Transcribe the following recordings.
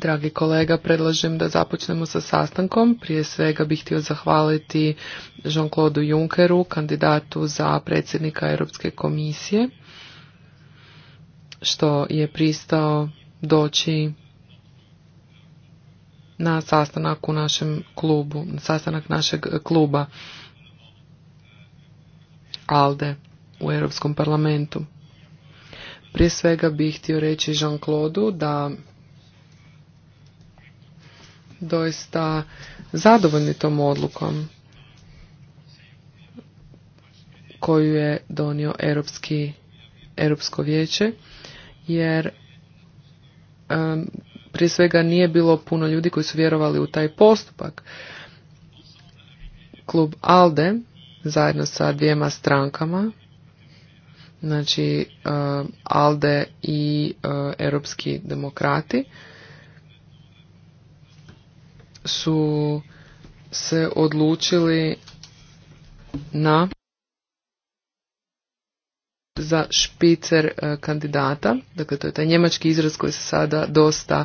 Dragi kolega, predlažem da započnemo sa sastankom. Prije svega bih htio zahvaliti Jean-Claude Junckeru, kandidatu za predsjednika Europske komisije, što je pristao doći na sastanak u našem klubu, na sastanak našeg kluba ALDE u Europskom parlamentu. Prije svega bih htio reći Jean-Claude da doista zadovoljni tom odlukom koju je donio Europski, Europsko vijeće, jer um, prije svega nije bilo puno ljudi koji su vjerovali u taj postupak. Klub ALDE zajedno sa dvijema strankama znači e, ALDE i e, europski demokrati su se odlučili na za špicer e, kandidata, dakle to je taj njemački izraz koji se sada dosta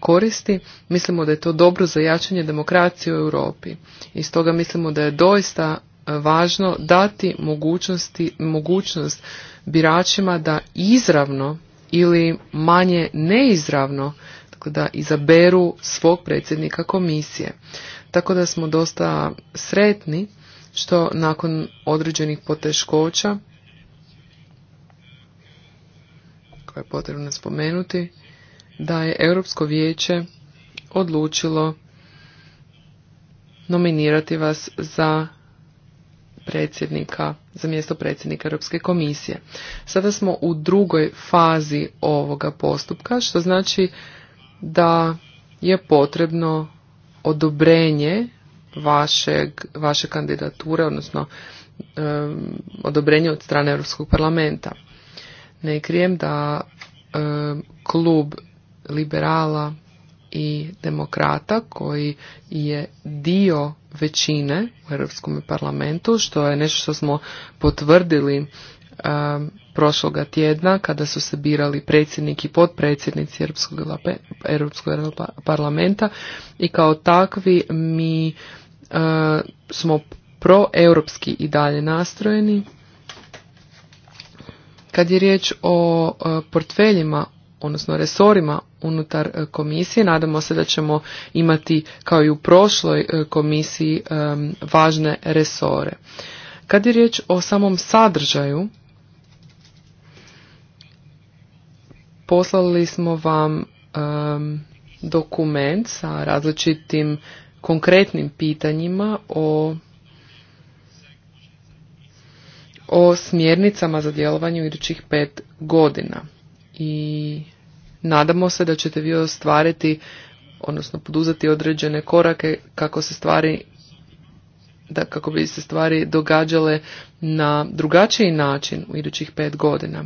koristi. Mislimo da je to dobro za jačanje demokracije u Europi i stoga mislimo da je doista važno dati mogućnosti, mogućnost biračima da izravno ili manje neizravno tako da izaberu svog predsjednika komisije. Tako da smo dosta sretni što nakon određenih poteškoća koje je potrebno spomenuti da je Europsko vijeće odlučilo nominirati vas za predsjednika, za mjesto predsjednika Europske komisije. Sada smo u drugoj fazi ovoga postupka, što znači da je potrebno odobrenje vašeg, vaše kandidature, odnosno odobrenje od strane Europskog parlamenta. Ne krijem da klub liberala i demokrata koji je dio većine u Europskom parlamentu, što je nešto što smo potvrdili e, prošloga tjedna kada su se birali predsjednik i potpredsjednici Europskog, parlamenta i kao takvi mi e, smo proeuropski i dalje nastrojeni. Kad je riječ o e, portfeljima odnosno resorima unutar e, komisije. Nadamo se da ćemo imati kao i u prošloj e, komisiji e, važne resore. Kad je riječ o samom sadržaju, poslali smo vam dokument sa različitim konkretnim pitanjima o o smjernicama za djelovanje u idućih pet godina i nadamo se da ćete vi ostvariti, odnosno poduzeti određene korake kako se stvari da kako bi se stvari događale na drugačiji način u idućih pet godina.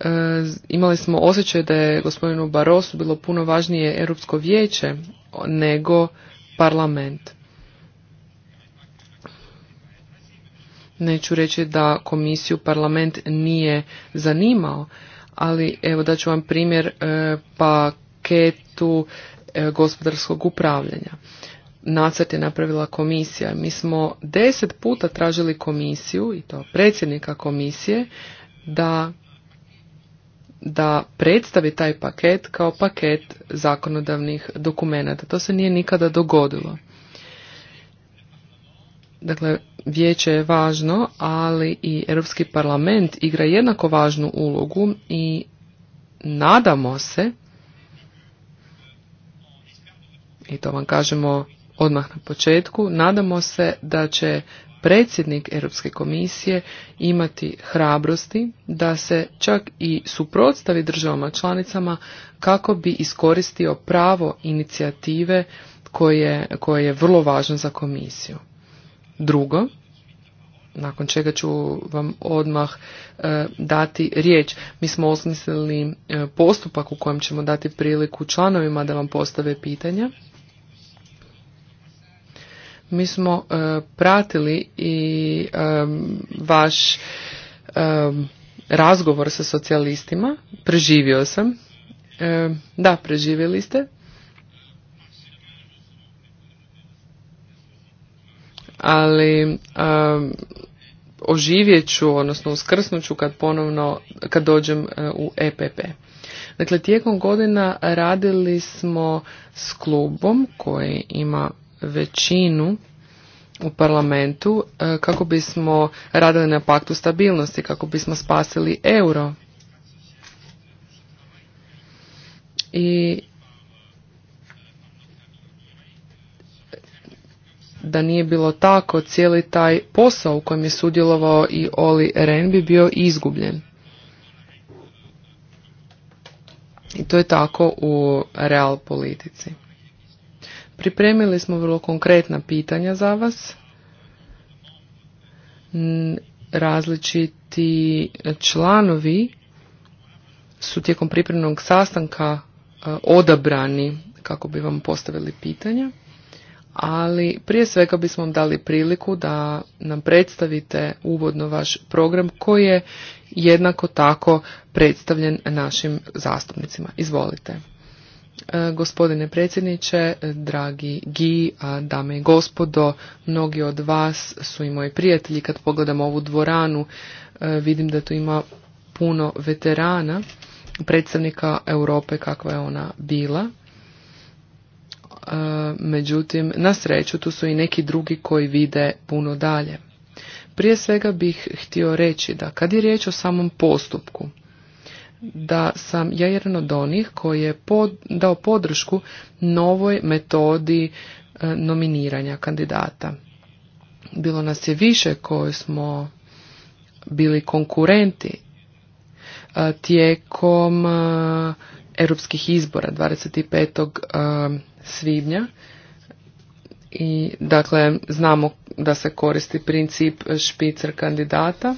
E, imali smo osjećaj da je gospodinu Barosu bilo puno važnije Europsko vijeće nego parlament. Neću reći da komisiju parlament nije zanimao, ali evo da ću vam primjer e, paketu e, gospodarskog upravljanja. Nacrt je napravila komisija. Mi smo deset puta tražili komisiju, i to predsjednika komisije, da, da predstavi taj paket kao paket zakonodavnih dokumenata. To se nije nikada dogodilo. Dakle, vijeće je važno, ali i Europski parlament igra jednako važnu ulogu i nadamo se, i to vam kažemo odmah na početku, nadamo se da će predsjednik Europske komisije imati hrabrosti da se čak i suprotstavi državama članicama kako bi iskoristio pravo inicijative koje, koje je vrlo važno za komisiju drugo, nakon čega ću vam odmah e, dati riječ. Mi smo osmislili e, postupak u kojem ćemo dati priliku članovima da vam postave pitanja. Mi smo e, pratili i vaš razgovor sa socijalistima. Preživio sam. Da, preživjeli ste. ali um, oživjet ću, odnosno uskrsnut ću kad ponovno, kad dođem e, u EPP. Dakle, tijekom godina radili smo s klubom koji ima većinu u parlamentu e, kako bismo radili na paktu stabilnosti, kako bismo spasili euro. I da nije bilo tako, cijeli taj posao u kojem je sudjelovao i Oli Ren bi bio izgubljen. I to je tako u real politici. Pripremili smo vrlo konkretna pitanja za vas. Različiti članovi su tijekom pripremnog sastanka e, odabrani kako bi vam postavili pitanja ali prije svega bismo vam dali priliku da nam predstavite uvodno vaš program koji je jednako tako predstavljen našim zastupnicima. Izvolite. E, gospodine predsjedniče, dragi Gi, a dame i gospodo, mnogi od vas su i moji prijatelji. Kad pogledam ovu dvoranu, e, vidim da tu ima puno veterana, predstavnika Europe kakva je ona bila. E, međutim, na sreću tu su i neki drugi koji vide puno dalje. Prije svega bih htio reći da kad je riječ o samom postupku, da sam ja jedan od onih koji je dao podršku novoj metodi e, nominiranja kandidata. Bilo nas je više koji smo bili konkurenti e, tijekom europskih izbora 25 svibnja i dakle znamo da se koristi princip špicer kandidata.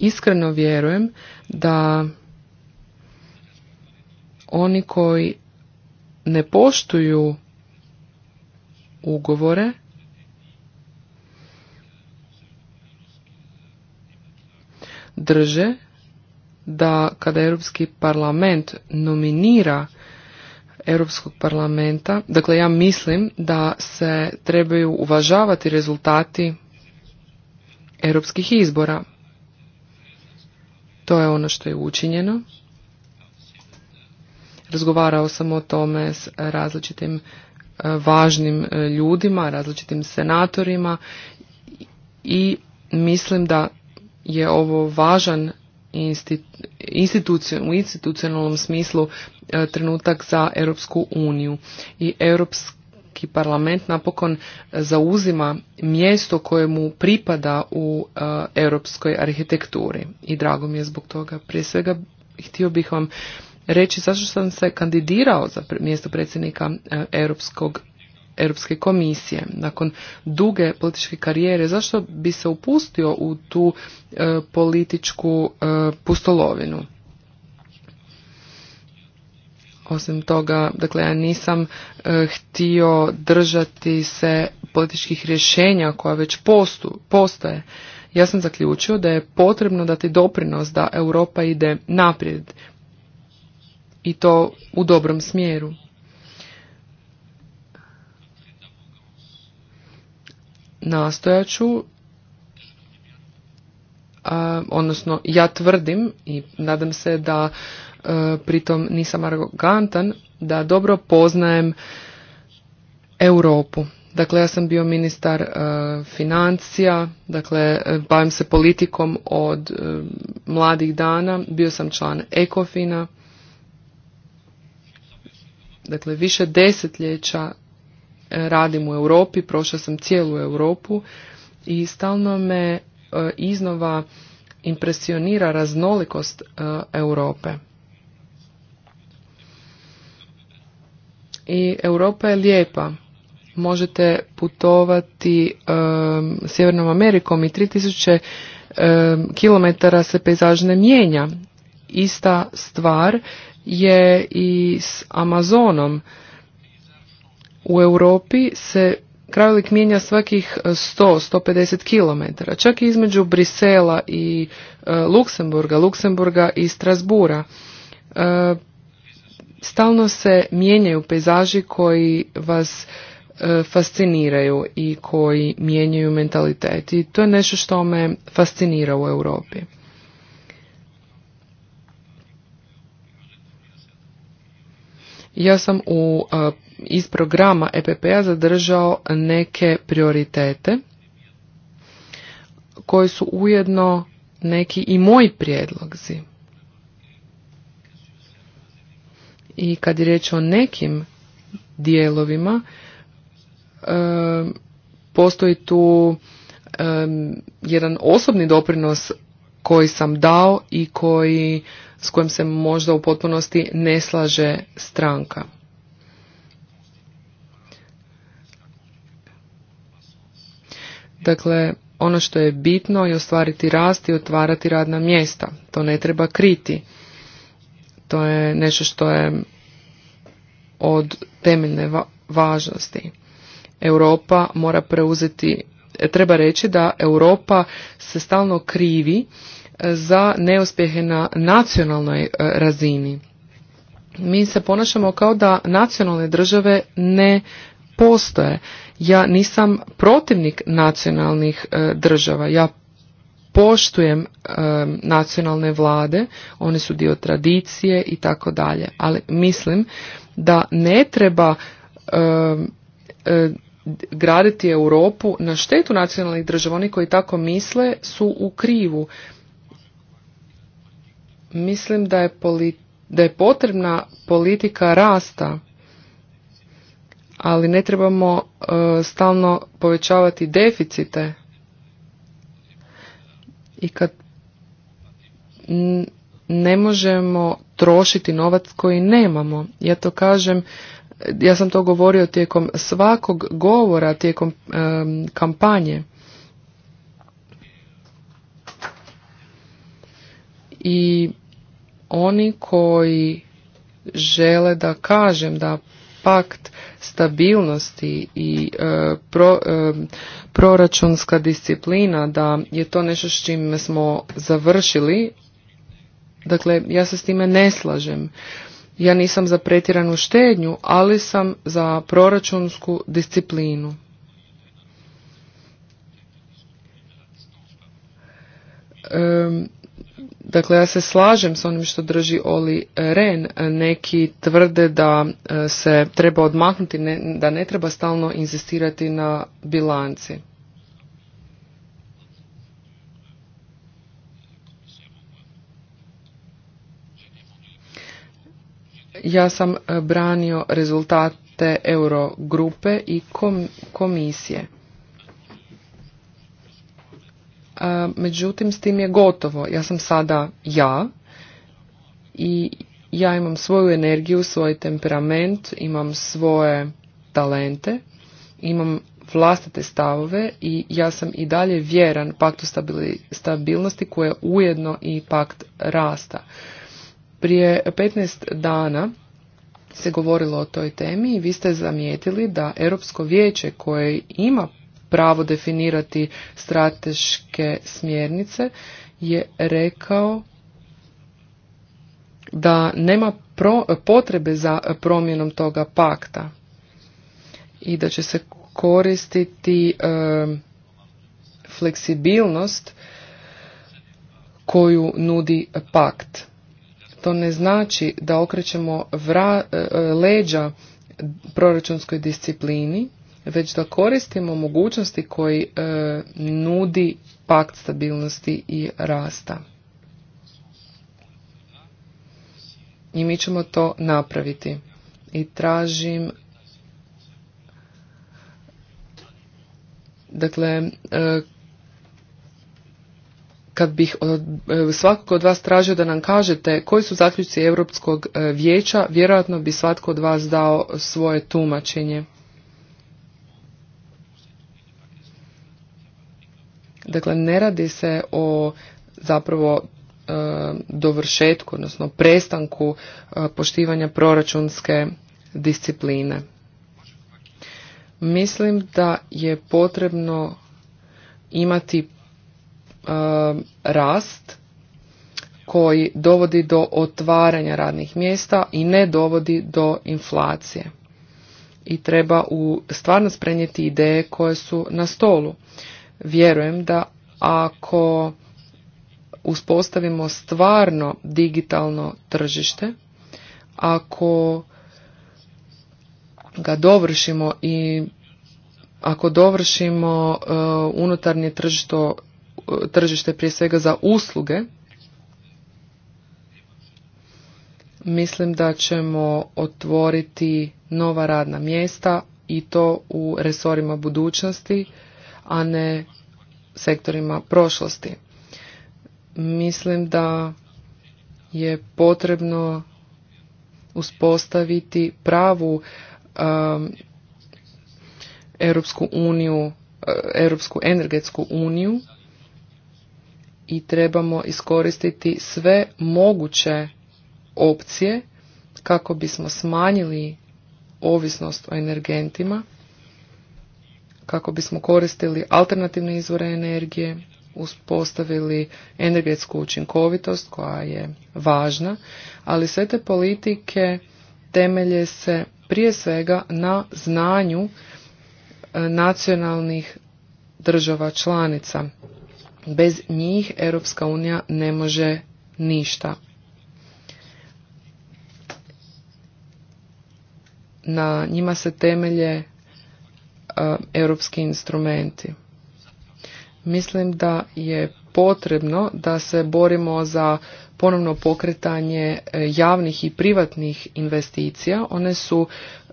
Iskreno vjerujem da oni koji ne poštuju ugovore drže da kada Europski parlament nominira Europskog parlamenta, dakle ja mislim da se trebaju uvažavati rezultati europskih izbora. To je ono što je učinjeno. Razgovarao sam o tome s različitim e, važnim e, ljudima, različitim senatorima i mislim da je ovo važan u institucionalnom smislu e, trenutak za Europsku uniju i Europski parlament napokon zauzima mjesto koje mu pripada u e, europskoj arhitekturi i drago mi je zbog toga. Prije svega htio bih vam reći zašto sam se kandidirao za mjesto predsjednika e, Europskog Europske komisije. Nakon duge političke karijere, zašto bi se upustio u tu e, političku e, pustolovinu? Osim toga, dakle, ja nisam e, htio držati se političkih rješenja koja već postu, postoje. Ja sam zaključio da je potrebno dati doprinos da Europa ide naprijed i to u dobrom smjeru. nastojaću odnosno ja tvrdim i nadam se da e, pritom nisam arrogantan da dobro poznajem Europu. Dakle, ja sam bio ministar e, financija, dakle, e, bavim se politikom od mladih dana, bio sam član Ekofina, dakle, više desetljeća radim u Europi, prošla sam cijelu Europu i stalno me e, iznova impresionira raznolikost e, Europe. I Europa je lijepa. Možete putovati um, Sjevernom Amerikom i 3000 um, km se pejzaž ne mijenja. Ista stvar je i s Amazonom. U Europi se krajolik mijenja svakih 100-150 e, km, čak i između Brisela i e, Luksemburga, Luksemburga i Strasbura. E, stalno se mijenjaju pejzaži koji vas fasciniraju i koji mijenjaju mentalitet i to je nešto što me fascinira u Europi. ja sam u, e, iz programa EPP-a zadržao neke prioritete koji su ujedno neki i moji prijedlogzi. I kad je riječ o nekim dijelovima, e, postoji tu e, jedan osobni doprinos koji sam dao i koji s kojim se možda u potpunosti ne slaže stranka. Dakle, ono što je bitno je ostvariti rast i otvarati radna mjesta. To ne treba kriti. To je nešto što je od temeljne važnosti. Europa mora preuzeti, treba reći da Europa se stalno krivi za neuspjehe na nacionalnoj e, razini. Mi se ponašamo kao da nacionalne države ne postoje. Ja nisam protivnik nacionalnih e, država. Ja poštujem e, nacionalne vlade, one su dio tradicije i tako dalje, ali mislim da ne treba graditi Europu na štetu nacionalnih država, oni koji tako misle su u krivu mislim da je, da je potrebna politika rasta ali ne trebamo e, stalno povećavati deficite i kad ne možemo trošiti novac koji nemamo ja to kažem ja sam to govorio tijekom svakog govora tijekom kampanje i oni koji žele da kažem da pakt stabilnosti i e, e, proračunska disciplina da je to nešto s čime smo završili dakle ja se s time ne slažem ja nisam za pretjeranu štednju ali sam za proračunsku disciplinu e, Dakle, ja se slažem s onim što drži Oli Ren. Neki tvrde da e, se treba odmaknuti, ne, da ne treba stalno inzistirati na bilanci. Ja sam e, branio rezultate Eurogrupe i komisije međutim s tim je gotovo. Ja sam sada ja i ja imam svoju energiju, svoj temperament, imam svoje talente, imam vlastite stavove i ja sam i dalje vjeran paktu stabilnosti koje je ujedno i pakt rasta. Prije 15 dana se govorilo o toj temi i vi ste zamijetili da Europsko vijeće koje ima pravo definirati strateške smjernice je rekao da nema potrebe za promjenom toga pakta i da će se koristiti fleksibilnost koju nudi pakt. To ne znači da okrećemo vra, e, leđa proračunskoj disciplini već da koristimo mogućnosti koji e, nudi pakt stabilnosti i rasta. I mi ćemo to napraviti. I tražim dakle e, kad bih od, e, svakog od vas tražio da nam kažete koji su zaključci Europskog vijeća, vjerojatno bi svatko od vas dao svoje tumačenje. Dakle, ne radi se o zapravo e, dovršetku, odnosno prestanku e, poštivanja proračunske discipline. Mislim da je potrebno imati e, rast koji dovodi do otvaranja radnih mjesta i ne dovodi do inflacije. I treba u stvarnost prenijeti ideje koje su na stolu. Vjerujem da ako uspostavimo stvarno digitalno tržište, ako ga dovršimo i ako dovršimo uh, unutarnje tržišto, uh, tržište prije svega za usluge, mislim da ćemo otvoriti nova radna mjesta i to u resorima budućnosti a ne sektorima prošlosti. Mislim da je potrebno uspostaviti pravu um, Europsku uniju, uh, Europsku energetsku uniju i trebamo iskoristiti sve moguće opcije kako bismo smanjili ovisnost o energentima kako bismo koristili alternativne izvore energije, uspostavili energetsku učinkovitost koja je važna, ali sve te politike temelje se prije svega na znanju e, nacionalnih država članica. Bez njih Europska unija ne može ništa. Na njima se temelje E, europski instrumenti. Mislim da je potrebno da se borimo za ponovno pokretanje e, javnih i privatnih investicija. One su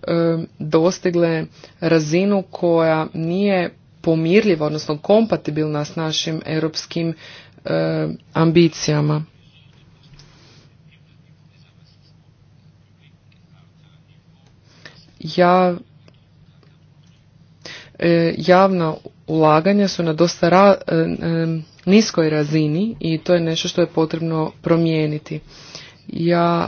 e, dostigle razinu koja nije pomirljiva, odnosno kompatibilna s našim europskim ambicijama. Ja E, javna ulaganja su na dosta e, e, niskoj razini i to je nešto što je potrebno promijeniti. Ja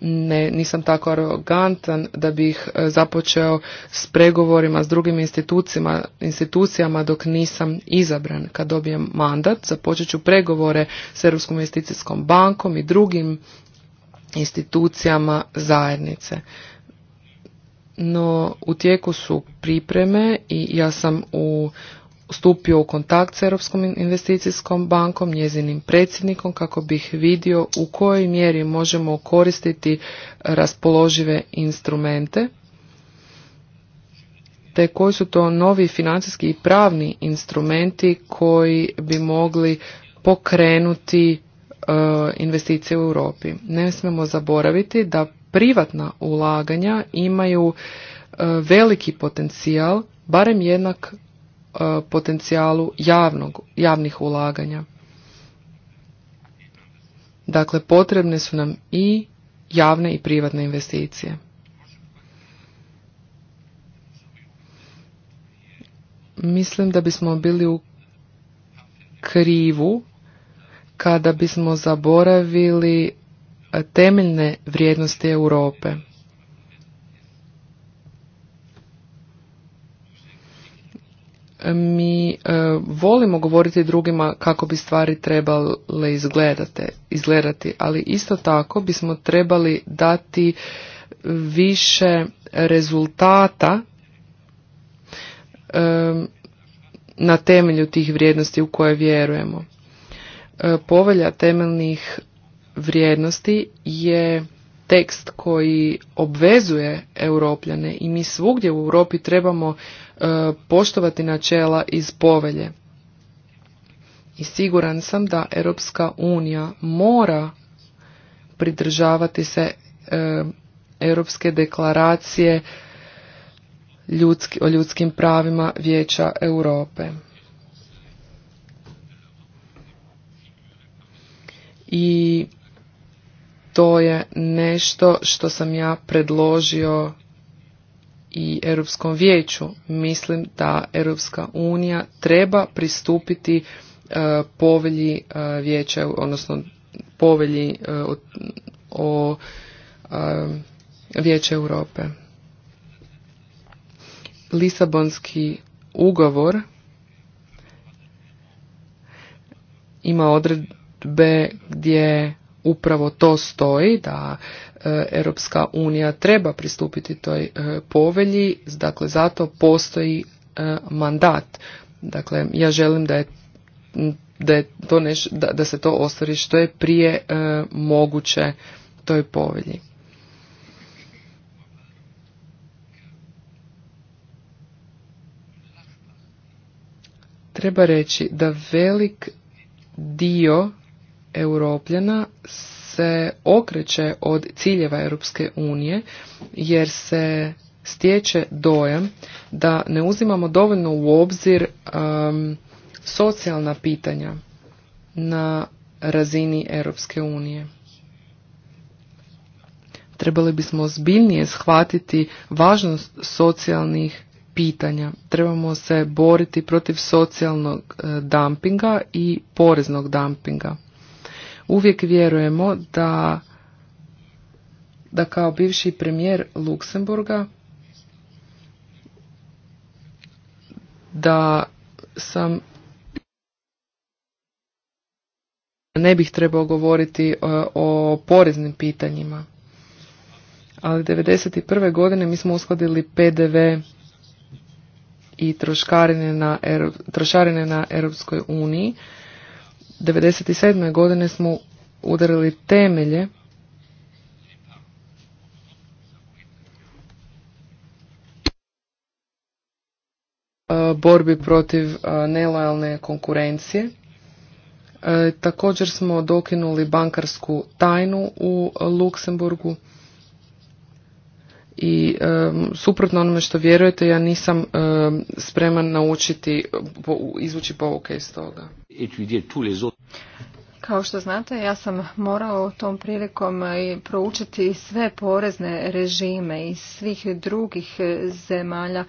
ne, nisam tako arogantan da bih započeo s pregovorima s drugim institucijama, institucijama dok nisam izabran. Kad dobijem mandat, započet ću pregovore s Europskom investicijskom bankom i drugim institucijama zajednice no u tijeku su pripreme i ja sam u stupio u kontakt s Europskom investicijskom bankom, njezinim predsjednikom, kako bih vidio u kojoj mjeri možemo koristiti raspoložive instrumente, te koji su to novi financijski i pravni instrumenti koji bi mogli pokrenuti e, investicije u Europi. Ne smemo zaboraviti da privatna ulaganja imaju e, veliki potencijal, barem jednak e, potencijalu javnog, javnih ulaganja. Dakle, potrebne su nam i javne i privatne investicije. Mislim da bismo bili u krivu kada bismo zaboravili temeljne vrijednosti Europe. Mi e, volimo govoriti drugima kako bi stvari trebale izgledate, izgledati, ali isto tako bismo trebali dati više rezultata e, na temelju tih vrijednosti u koje vjerujemo. E, povelja temeljnih vrijednosti je tekst koji obvezuje europljane i mi svugdje u Europi trebamo e, poštovati načela iz povelje. I siguran sam da Europska unija mora pridržavati se e, Europske deklaracije ljudski, o ljudskim pravima Vijeća Europe. I to je nešto što sam ja predložio i Europskom vijeću. Mislim da Europska unija treba pristupiti e, povelji e, vijeća, odnosno povelji e, o, o vijeće Europe. Lisabonski ugovor ima odredbe gdje upravo to stoji da e, Europska unija treba pristupiti toj e, povelji, dakle zato postoji e, mandat. Dakle, ja želim da je da, da, da se to ostvari što je prije moguće toj povelji. Treba reći da velik dio europljana se okreće od ciljeva Europske unije jer se stječe dojam da ne uzimamo dovoljno u obzir um, socijalna pitanja na razini Europske unije. Trebali bismo zbiljnije shvatiti važnost socijalnih pitanja. Trebamo se boriti protiv socijalnog e, dumpinga i poreznog dumpinga. Uvijek vjerujemo da, da kao bivši premijer Luksemburga da sam ne bih trebao govoriti e, o, poreznim pitanjima. Ali 1991. godine mi smo uskladili PDV i trošarine na Europskoj uniji 97. godine smo udarili temelje e, borbi protiv e, nelojalne konkurencije. E, također smo dokinuli bankarsku tajnu u Luksemburgu i e, suprotno onome što vjerujete ja nisam spreman naučiti po, izvući pouke iz toga kao što znate ja sam morao tom prilikom eh, i proučiti sve porezne režime iz svih drugih eh, zemalja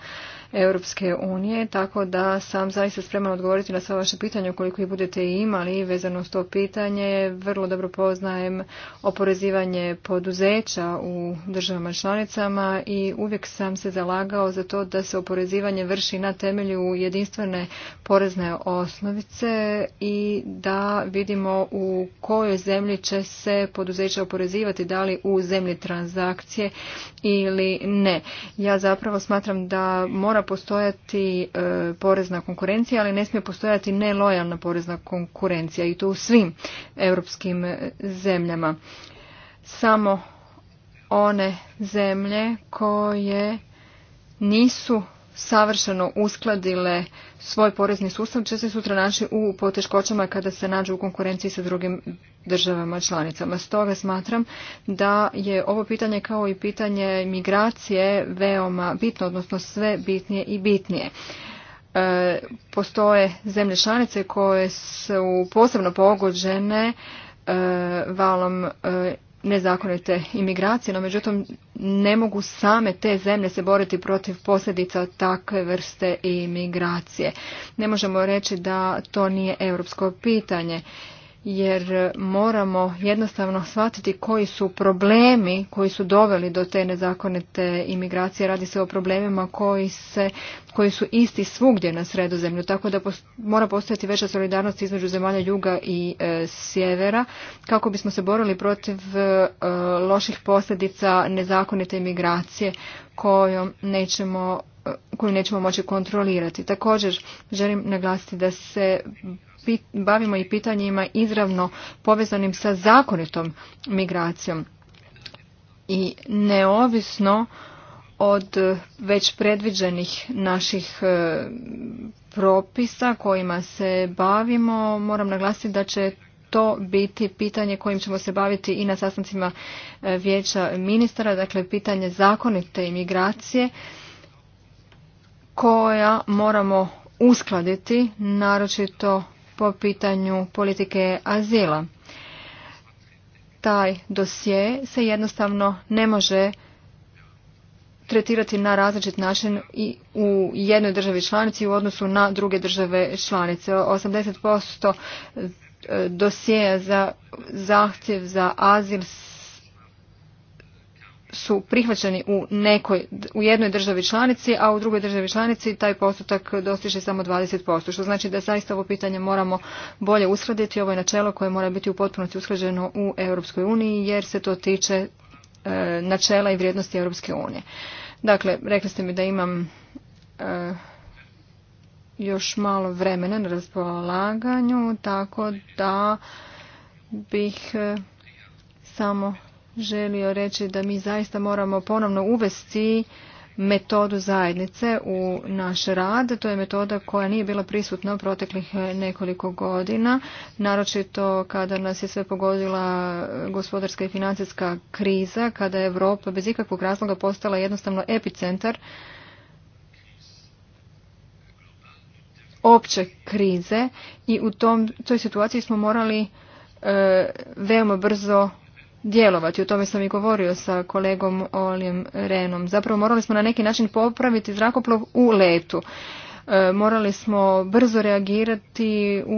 Europske unije, tako da sam zaista spreman odgovoriti na sva vaše pitanja ukoliko ih budete imali vezano s to pitanje. Vrlo dobro poznajem oporezivanje poduzeća u državama članicama i uvijek sam se zalagao za to da se oporezivanje vrši na temelju jedinstvene porezne osnovice i da vidimo u kojoj zemlji će se poduzeća oporezivati, da li u zemlji transakcije ili ne. Ja zapravo smatram da mora postojati e, porezna konkurencija, ali ne smije postojati nelojalna porezna konkurencija i to u svim europskim e, zemljama. Samo one zemlje koje nisu savršeno uskladile svoj porezni sustav će se sutra naći u poteškoćama kada se nađu u konkurenciji sa drugim državama članicama. Stoga smatram da je ovo pitanje kao i pitanje migracije veoma bitno, odnosno sve bitnije i bitnije. E, postoje zemlje članice koje su posebno pogođene e, valom e, nezakonite imigracije, no međutim ne mogu same te zemlje se boriti protiv posljedica takve vrste imigracije. Ne možemo reći da to nije europsko pitanje jer moramo jednostavno shvatiti koji su problemi koji su doveli do te nezakonite imigracije. Radi se o problemima koji, se, koji su isti svugdje na sredozemlju, tako da mora postojati veća solidarnost između zemalja juga i e, sjevera kako bismo se borili protiv e, loših posljedica nezakonite imigracije kojom nećemo e, koju nećemo moći kontrolirati. Također želim naglasiti da se bavimo i pitanjima izravno povezanim sa zakonitom migracijom i neovisno od već predviđenih naših e, propisa kojima se bavimo, moram naglasiti da će to biti pitanje kojim ćemo se baviti i na sastancima e, vijeća ministara, dakle pitanje zakonite imigracije koja moramo uskladiti naročito po pitanju politike azila. Taj dosje se jednostavno ne može tretirati na različit način i u jednoj državi članici u odnosu na druge države članice. 80% e, dosjeja za zahtjev za azil su prihvaćeni u, nekoj, u jednoj državi članici, a u drugoj državi članici taj postotak dostiže samo 20%, što znači da zaista ovo pitanje moramo bolje uskladiti. Ovo je načelo koje mora biti u potpunosti usklađeno u Europskoj uniji, jer se to tiče e, načela i vrijednosti Europske unije. Dakle, rekli ste mi da imam e, još malo vremena na raspolaganju, tako da bih e, samo želio reći da mi zaista moramo ponovno uvesti metodu zajednice u naš rad. To je metoda koja nije bila prisutna u proteklih nekoliko godina, naročito kada nas je sve pogodila gospodarska i financijska kriza, kada je Europa bez ikakvog razloga postala jednostavno epicentar opće krize i u tom, toj situaciji smo morali e, veoma brzo djelovati. O tome sam i govorio sa kolegom Olijem Renom. Zapravo morali smo na neki način popraviti zrakoplov u letu. E, morali smo brzo reagirati u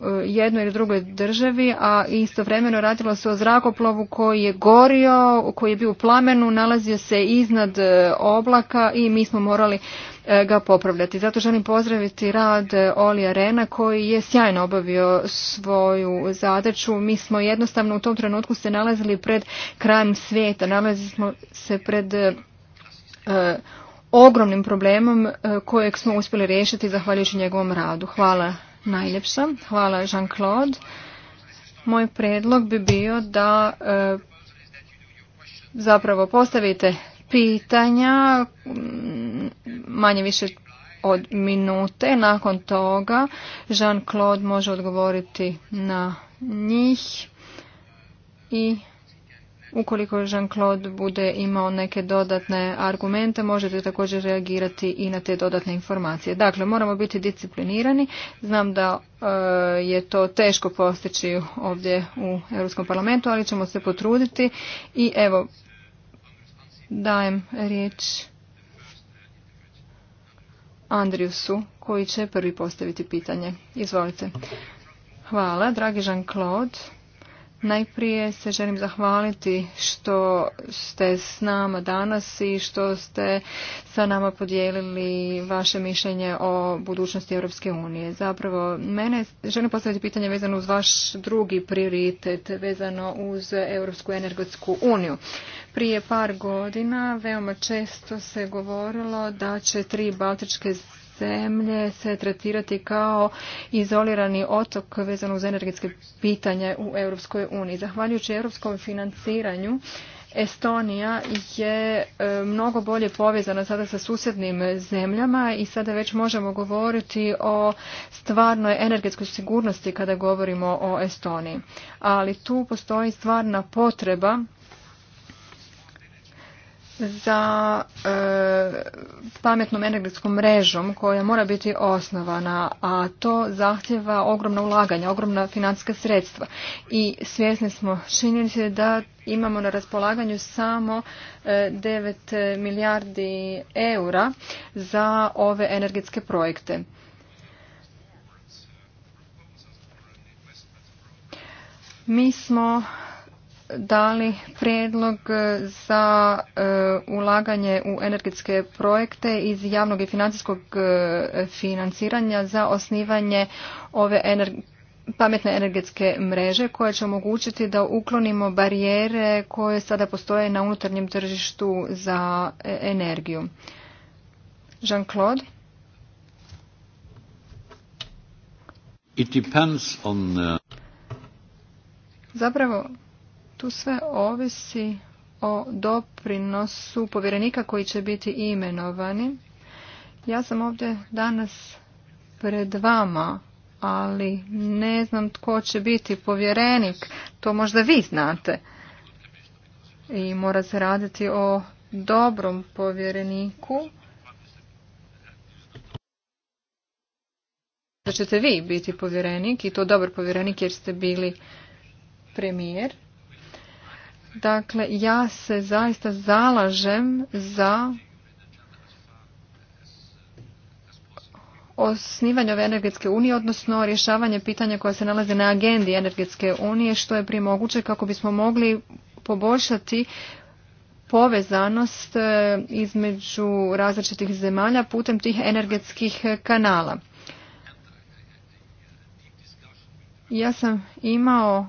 e, jednoj ili drugoj državi, a istovremeno radilo se o zrakoplovu koji je gorio, koji je bio u plamenu, nalazio se iznad e, oblaka i mi smo morali E, ga popravljati. Zato želim pozdraviti rad e, Oli arena koji je sjajno obavio svoju zadaću. Mi smo jednostavno u tom trenutku se nalazili pred krajem svijeta, nalazili smo se pred e, ogromnim problemom kojeg smo uspjeli riješiti zahvaljujući njegovom radu. Hvala najljepša, hvala Jean-Claude. Moj predlog bi bio da zapravo postavite pitanja, manje više od minute. Nakon toga Jean-Claude može odgovoriti na njih i ukoliko Jean-Claude bude imao neke dodatne argumente, možete također reagirati i na te dodatne informacije. Dakle, moramo biti disciplinirani. Znam da e, je to teško postići ovdje u Europskom parlamentu, ali ćemo se potruditi i evo dajem riječ Andriusu koji će prvi postaviti pitanje. Izvolite. Hvala, dragi Jean-Claude. Najprije se želim zahvaliti što ste s nama danas i što ste sa nama podijelili vaše mišljenje o budućnosti Europske unije. Zapravo, mene želim postaviti pitanje vezano uz vaš drugi prioritet, vezano uz Europsku energetsku uniju. Prije par godina veoma često se govorilo da će tri baltičke zemlje se tretirati kao izolirani otok vezano uz energetske pitanje u Europskoj uniji. Zahvaljujući europskom financiranju Estonija je e, mnogo bolje povezana sada sa susjednim zemljama i sada već možemo govoriti o stvarnoj energetskoj sigurnosti kada govorimo o Estoniji. Ali tu postoji stvarna potreba za e, pametnom energetskom mrežom koja mora biti osnovana, a to zahtjeva ogromna ulaganja, ogromna financijska sredstva. I svjesni smo činjenice da imamo na raspolaganju samo 9 e, milijardi eura za ove energetske projekte. Mi smo dali prijedlog za e, ulaganje u energetske projekte iz javnog i financijskog e, financiranja za osnivanje ove pametne energetske mreže koje će omogućiti da uklonimo barijere koje sada postoje na unutarnjem tržištu za e, energiju. Jean-Claude? Uh, Zapravo tu sve ovisi o doprinosu povjerenika koji će biti imenovani. Ja sam ovdje danas pred vama, ali ne znam tko će biti povjerenik. To možda vi znate. I mora se raditi o dobrom povjereniku. Da ćete vi biti povjerenik i to dobar povjerenik jer ste bili premijer. Dakle, ja se zaista zalažem za osnivanje ove energetske unije, odnosno rješavanje pitanja koja se nalaze na agendi energetske unije, što je prije moguće kako bismo mogli poboljšati povezanost e, između različitih zemalja putem tih energetskih kanala. Ja sam imao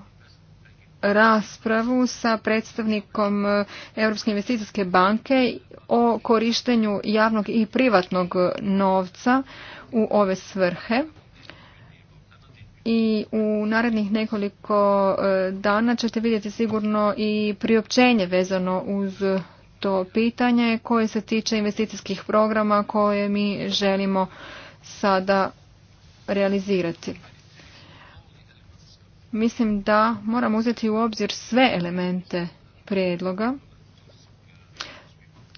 raspravu sa predstavnikom e, Europske investicijske banke o korištenju javnog i privatnog novca u ove svrhe. I u narednih nekoliko e, dana ćete vidjeti sigurno i priopćenje vezano uz to pitanje koje se tiče investicijskih programa koje mi želimo sada realizirati mislim da moramo uzeti u obzir sve elemente prijedloga.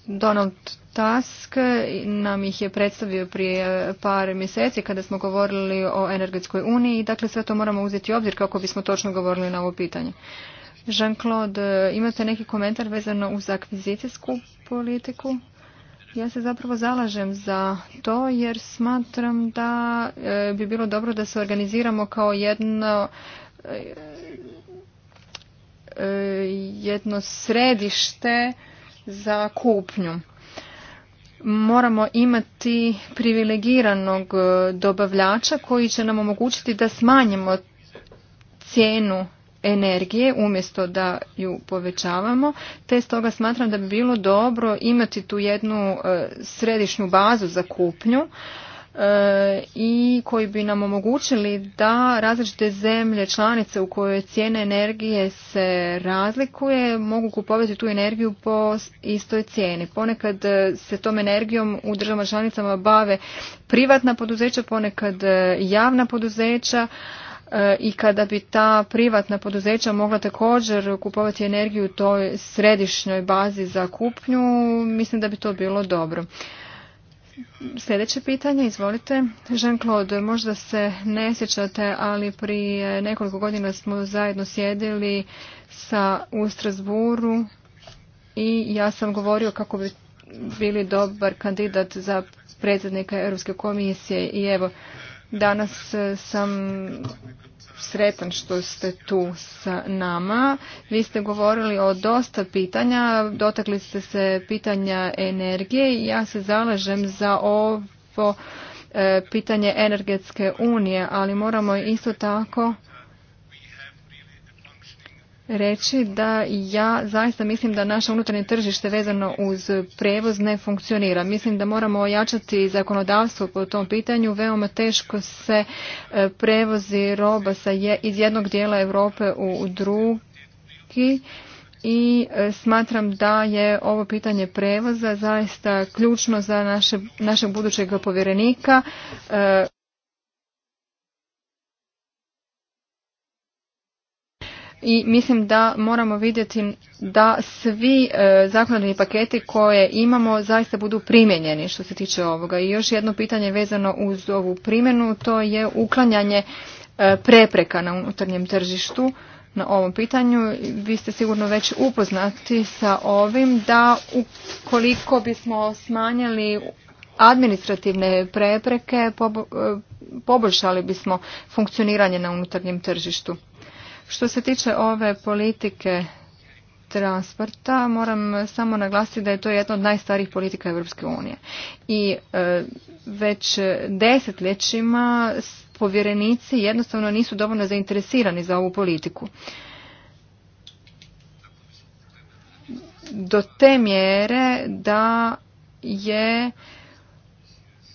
Donald Tusk nam ih je predstavio prije par mjeseci kada smo govorili o energetskoj uniji i dakle sve to moramo uzeti u obzir kako bismo točno govorili na ovo pitanje. Jean-Claude, imate neki komentar vezano uz akvizicijsku politiku? Ja se zapravo zalažem za to jer smatram da e, bi bilo dobro da se organiziramo kao jedno E, jedno središte za kupnju. Moramo imati privilegiranog e, dobavljača koji će nam omogućiti da smanjimo cijenu energije umjesto da ju povećavamo te stoga smatram da bi bilo dobro imati tu jednu e, središnju bazu za kupnju E, i koji bi nam omogućili da različite zemlje članice u kojoj cijene energije se razlikuje mogu kupovati tu energiju po istoj cijeni. Ponekad e, se tom energijom u državama članicama bave privatna poduzeća, ponekad e, javna poduzeća i kada bi ta privatna poduzeća mogla također kupovati energiju u toj središnjoj bazi za kupnju, mislim da bi to bilo dobro. Sljedeće pitanje, izvolite. Jean-Claude, možda se ne sjećate, ali prije nekoliko godina smo zajedno sjedili sa, u Strasburu i ja sam govorio kako bi bili dobar kandidat za predsjednika Europske komisije i evo, danas eh, sam sretan što ste tu sa nama. Vi ste govorili o dosta pitanja, dotakli ste se pitanja energije i ja se zalažem za ovo e, pitanje energetske unije, ali moramo isto tako reći da ja zaista mislim da naše unutarnje tržište vezano uz prevoz ne funkcionira. Mislim da moramo ojačati zakonodavstvo po tom pitanju. Veoma teško se e, prevozi roba iz jednog dijela Europe u drugi i e, smatram da je ovo pitanje prevoza zaista ključno za našeg budućeg povjerenika e, i mislim da moramo vidjeti da svi e, zakonodavni paketi koje imamo zaista budu primijenjeni što se tiče ovoga. I još jedno pitanje vezano uz ovu primjenu, to je uklanjanje e, prepreka na unutarnjem tržištu na ovom pitanju. Vi ste sigurno već upoznati sa ovim da ukoliko bismo smanjili administrativne prepreke e, poboljšali bismo funkcioniranje na unutarnjem tržištu. Što se tiče ove politike transporta, moram samo naglasiti da je to jedna od najstarijih politika Europske unije. I e, već desetljećima povjerenici jednostavno nisu dovoljno zainteresirani za ovu politiku. Do te mjere da je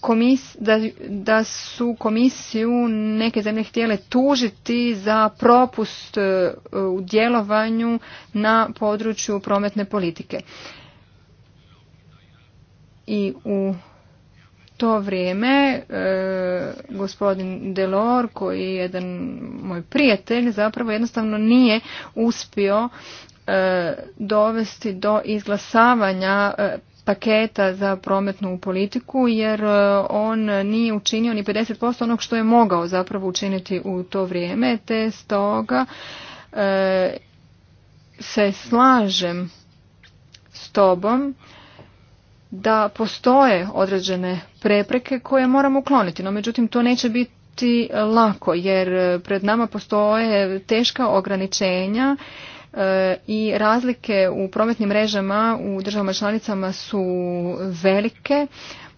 komis, da, da su komisiju neke zemlje htjele tužiti za propust e, u djelovanju na području prometne politike. I u to vrijeme e, gospodin Delor koji je jedan moj prijatelj zapravo jednostavno nije uspio e, dovesti do izglasavanja paketa za prometnu politiku jer e, on nije učinio ni 50% onog što je mogao zapravo učiniti u to vrijeme te stoga e, se slažem s tobom da postoje određene prepreke koje moramo ukloniti no međutim to neće biti lako jer e, pred nama postoje teška ograničenja E, i razlike u prometnim mrežama u državama članicama su velike.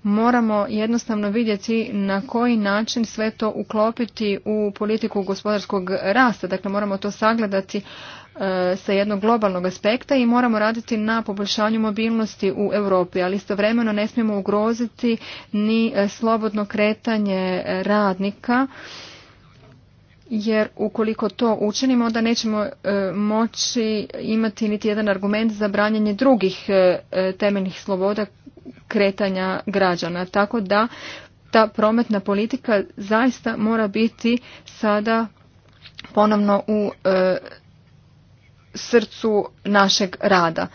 Moramo jednostavno vidjeti na koji način sve to uklopiti u politiku gospodarskog rasta. Dakle, moramo to sagledati e, sa jednog globalnog aspekta i moramo raditi na poboljšanju mobilnosti u Europi, ali istovremeno ne smijemo ugroziti ni e, slobodno kretanje radnika jer ukoliko to učinimo onda nećemo e, moći imati niti jedan argument za branjanje drugih e, e, temeljnih sloboda kretanja građana. Tako da ta prometna politika zaista mora biti sada ponovno u srcu našeg rada.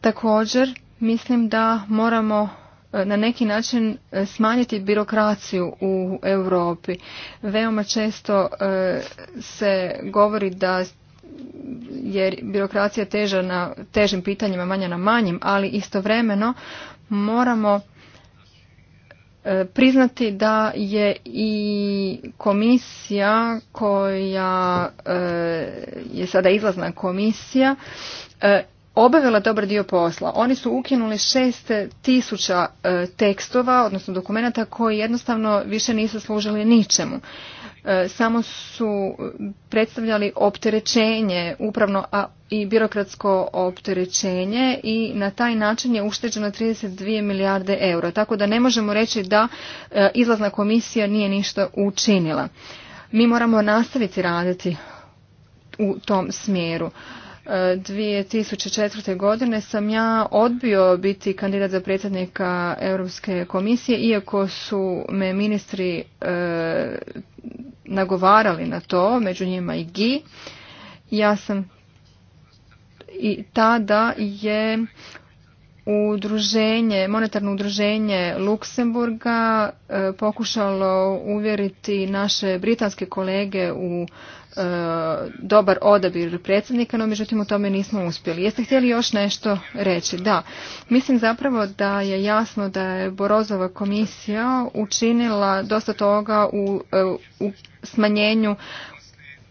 Također mislim da moramo E, na neki način e, smanjiti birokraciju u Europi. Veoma često e, se govori da jer birokracija teža na težim pitanjima, manja na manjim, ali istovremeno moramo priznati da je i komisija koja je sada izlazna komisija obavila dobar dio posla. Oni su ukinuli šest tisuća e, tekstova, odnosno dokumenata koji jednostavno više nisu služili ničemu. E, samo su predstavljali opterećenje, upravno a i birokratsko opterećenje i na taj način je ušteđeno 32 milijarde eura. Tako da ne možemo reći da e, izlazna komisija nije ništa učinila. Mi moramo nastaviti raditi u tom smjeru. 2004. godine sam ja odbio biti kandidat za predsjednika Europske komisije, iako su me ministri e, nagovarali na to, među njima i GI. Ja sam i tada je udruženje, monetarno udruženje Luksemburga e, pokušalo uvjeriti naše britanske kolege u E, dobar odabir predsjednika, no međutim u tome nismo uspjeli. Jeste htjeli još nešto reći? Da. Mislim zapravo da je jasno da je Borozova komisija učinila dosta toga u, e, smanjenju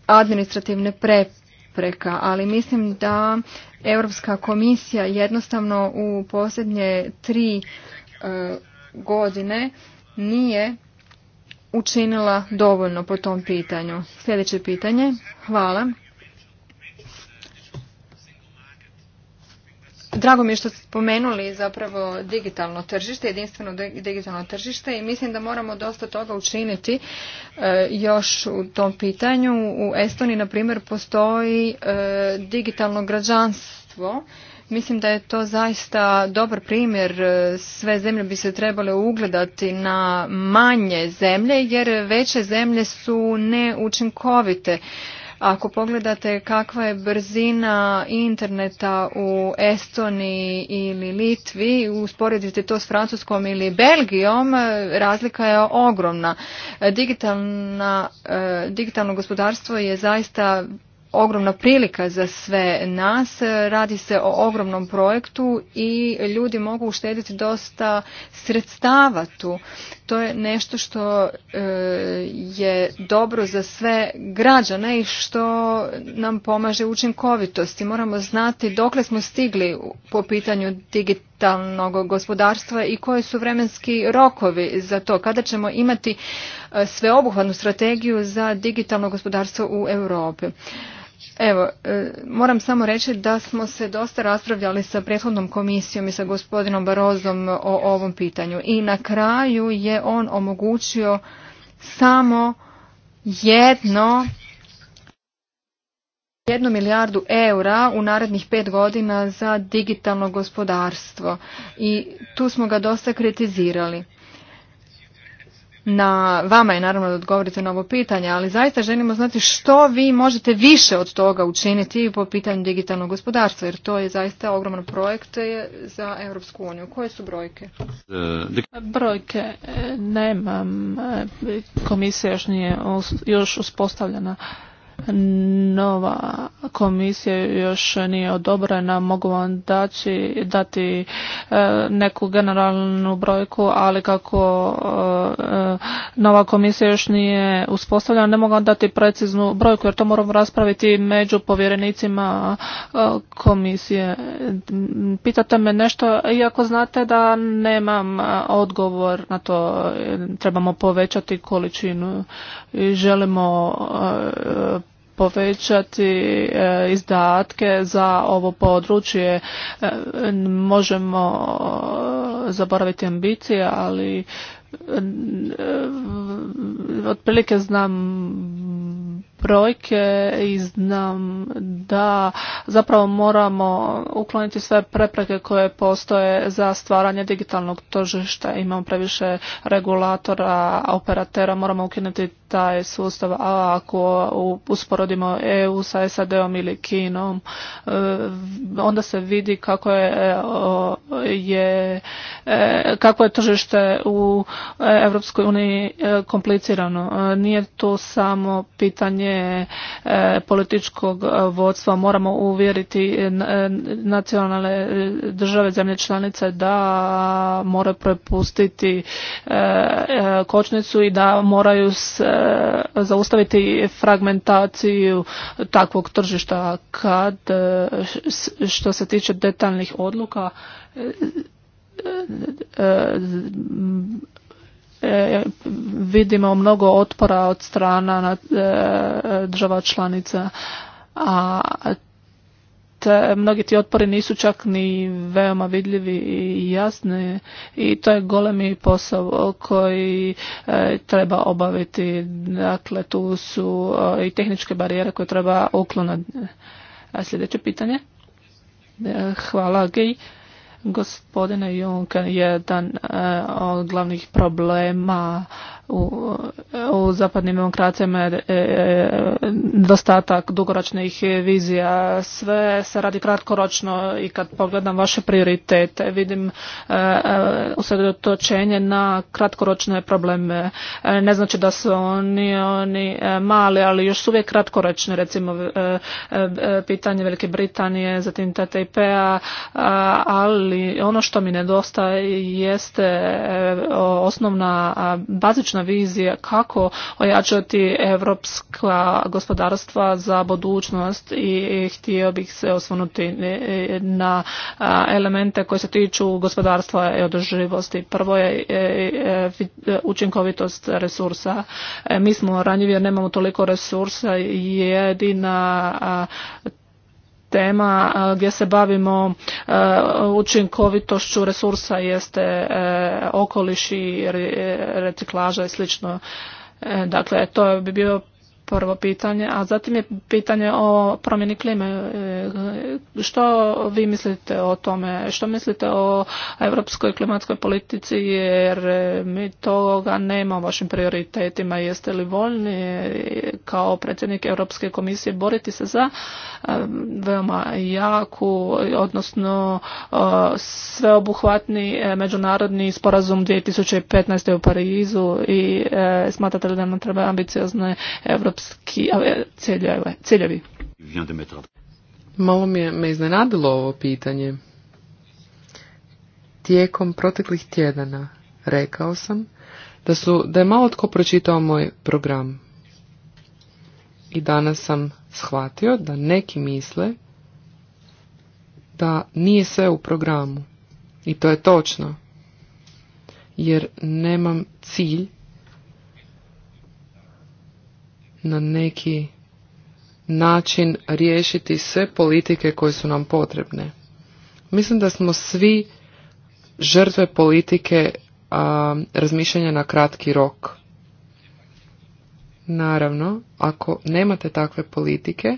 administrativne prepreka, ali mislim da Europska komisija jednostavno u posljednje tri e, godine nije učinila dovoljno po tom pitanju? Sljedeće pitanje. Hvala. Drago mi je što ste spomenuli zapravo digitalno tržište, jedinstveno digitalno tržište i mislim da moramo dosta toga učiniti e, još u tom pitanju. U Estoniji, na primjer, postoji e, digitalno građanstvo Mislim da je to zaista dobar primjer. E, sve zemlje bi se trebale ugledati na manje zemlje jer veće zemlje su neučinkovite. Ako pogledate kakva je brzina interneta u Estoniji ili Litvi, usporedite to s Francuskom ili Belgijom, e, razlika je ogromna. Digitalna, e, digitalno gospodarstvo je zaista ogromna prilika za sve nas. Radi se o ogromnom projektu i ljudi mogu uštediti dosta sredstava tu. To je nešto što e, je dobro za sve građane i što nam pomaže učinkovitosti. Moramo znati dokle smo stigli po pitanju digitalnog gospodarstva i koji su vremenski rokovi za to. Kada ćemo imati e, sveobuhvatnu strategiju za digitalno gospodarstvo u Europi. Evo, e, moram samo reći da smo se dosta raspravljali sa prethodnom komisijom i sa gospodinom Barozom o ovom pitanju. I na kraju je on omogućio samo jedno jednu milijardu eura u narednih pet godina za digitalno gospodarstvo i tu smo ga dosta kritizirali na vama je naravno da odgovorite na ovo pitanje, ali zaista želimo znati što vi možete više od toga učiniti po pitanju digitalnog gospodarstva, jer to je zaista ogroman projekt eh, za Europsku uniju. Koje su brojke? E, brojke e, nemam. E, komisija još nije još uspostavljena nova komisija još nije odobrena, mogu vam daći, dati e, neku generalnu brojku, ali kako e, nova komisija još nije uspostavljena, ne mogu vam dati preciznu brojku jer to moram raspraviti među povjerenicima e, komisije. Pitate me nešto, iako znate da nemam odgovor na to, trebamo povećati količinu želimo e, povećati e, izdatke za ovo područje. E, možemo zaboraviti ambicije, ali otprilike znam brojke i znam da zapravo moramo ukloniti sve prepreke koje postoje za stvaranje digitalnog tržišta. Imamo previše regulatora, operatera, moramo ukinuti taj sustav, a ako usporodimo EU sa SAD-om ili Kinom, e, onda se vidi kako je, e, je e, kako je tržište u Europskoj uniji komplicirano. Nije to samo pitanje E, političkog vodstva. Moramo uvjeriti e, nacionalne e, države zemlje članice da moraju prepustiti kočnicu i da moraju zaustaviti fragmentaciju takvog tržišta kad što se tiče detaljnih odluka E, vidimo mnogo otpora od strana e, država članica, a te, mnogi ti otpori nisu čak ni veoma vidljivi i jasni i to je golemi posao koji e, treba obaviti. Dakle, tu su i tehničke barijere koje treba ukloniti. sljedeće pitanje. hvala, Gej. Gospodine Juncker, jedan eh, od glavnih problema u, zapadnim demokracijama je e, e, nedostatak dugoročnih vizija. Sve se radi kratkoročno i kad pogledam vaše prioritete vidim e, usredotočenje na kratkoročne probleme. Ne znači da su oni, oni mali, ali još su uvijek kratkoročni, recimo pitanje Velike Britanije, zatim ttip p-a, ali ono što mi nedostaje jeste osnovna bazična vizija kako ojačati evropska gospodarstva za budućnost i htio bih se osvrnuti e, e, na elemente koji se tiču gospodarstva i održivosti. Prvo je e, učinkovitost resursa. Mi smo ranjivi jer nemamo toliko resursa i jedina tema gdje se bavimo učinkovitošću resursa jeste e, okoliš i reciklaža i slično. E, dakle, to bi bio prvo pitanje, a zatim je pitanje o promjeni klime. E, što vi mislite o tome? Što mislite o europskoj klimatskoj politici? Jer e, mi toga nema u vašim prioritetima. Jeste li voljni e, kao predsjednik Europske komisije boriti se za veoma jaku, odnosno sveobuhvatni međunarodni sporazum 2015. u Parizu i smatrate li da nam treba ambiciozne europske europski e, ciljevi. Malo mi je me iznenadilo ovo pitanje. Tijekom proteklih tjedana rekao sam da, su, da je malo tko pročitao moj program. I danas sam shvatio da neki misle da nije sve u programu. I to je točno. Jer nemam cilj na neki način riješiti sve politike koje su nam potrebne. Mislim da smo svi žrtve politike razmišljanja na kratki rok. Naravno, ako nemate takve politike,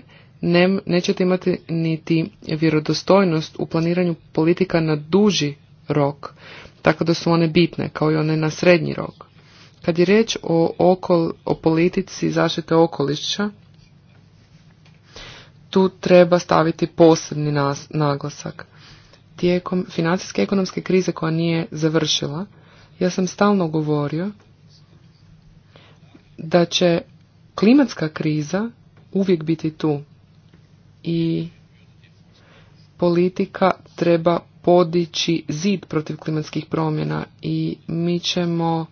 nećete imati niti vjerodostojnost u planiranju politika na duži rok, tako da su one bitne, kao i one na srednji rok. Kad je riječ o, okol, o politici zaštite okoliša, tu treba staviti posebni nas, naglasak. Tijekom financijske ekonomske krize koja nije završila, ja sam stalno govorio da će klimatska kriza uvijek biti tu i politika treba podići zid protiv klimatskih promjena i mi ćemo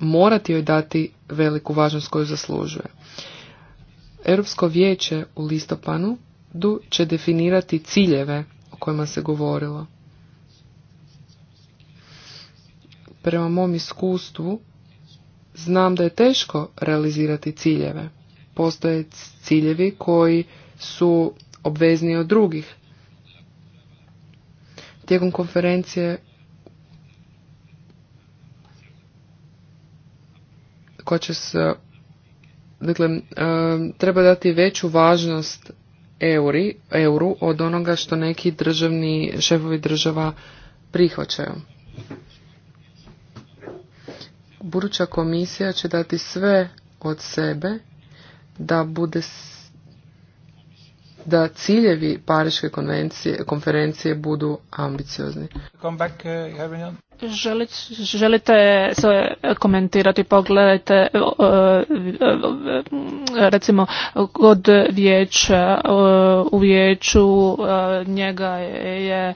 morati joj dati veliku važnost koju zaslužuje. Europsko vijeće u listopanu će definirati ciljeve o kojima se govorilo. Prema mom iskustvu znam da je teško realizirati ciljeve. Postoje ciljevi koji su obvezni od drugih. Tijekom konferencije koja će se dakle e, treba dati veću važnost euri, euru od onoga što neki državni šefovi država prihvaćaju. Buduća komisija će dati sve od sebe da bude da ciljevi Pariške konferencije budu ambiciozni. Uh, Želite se komentirati, pogledajte e, e, recimo kod vijeća, e, u vijeću njega je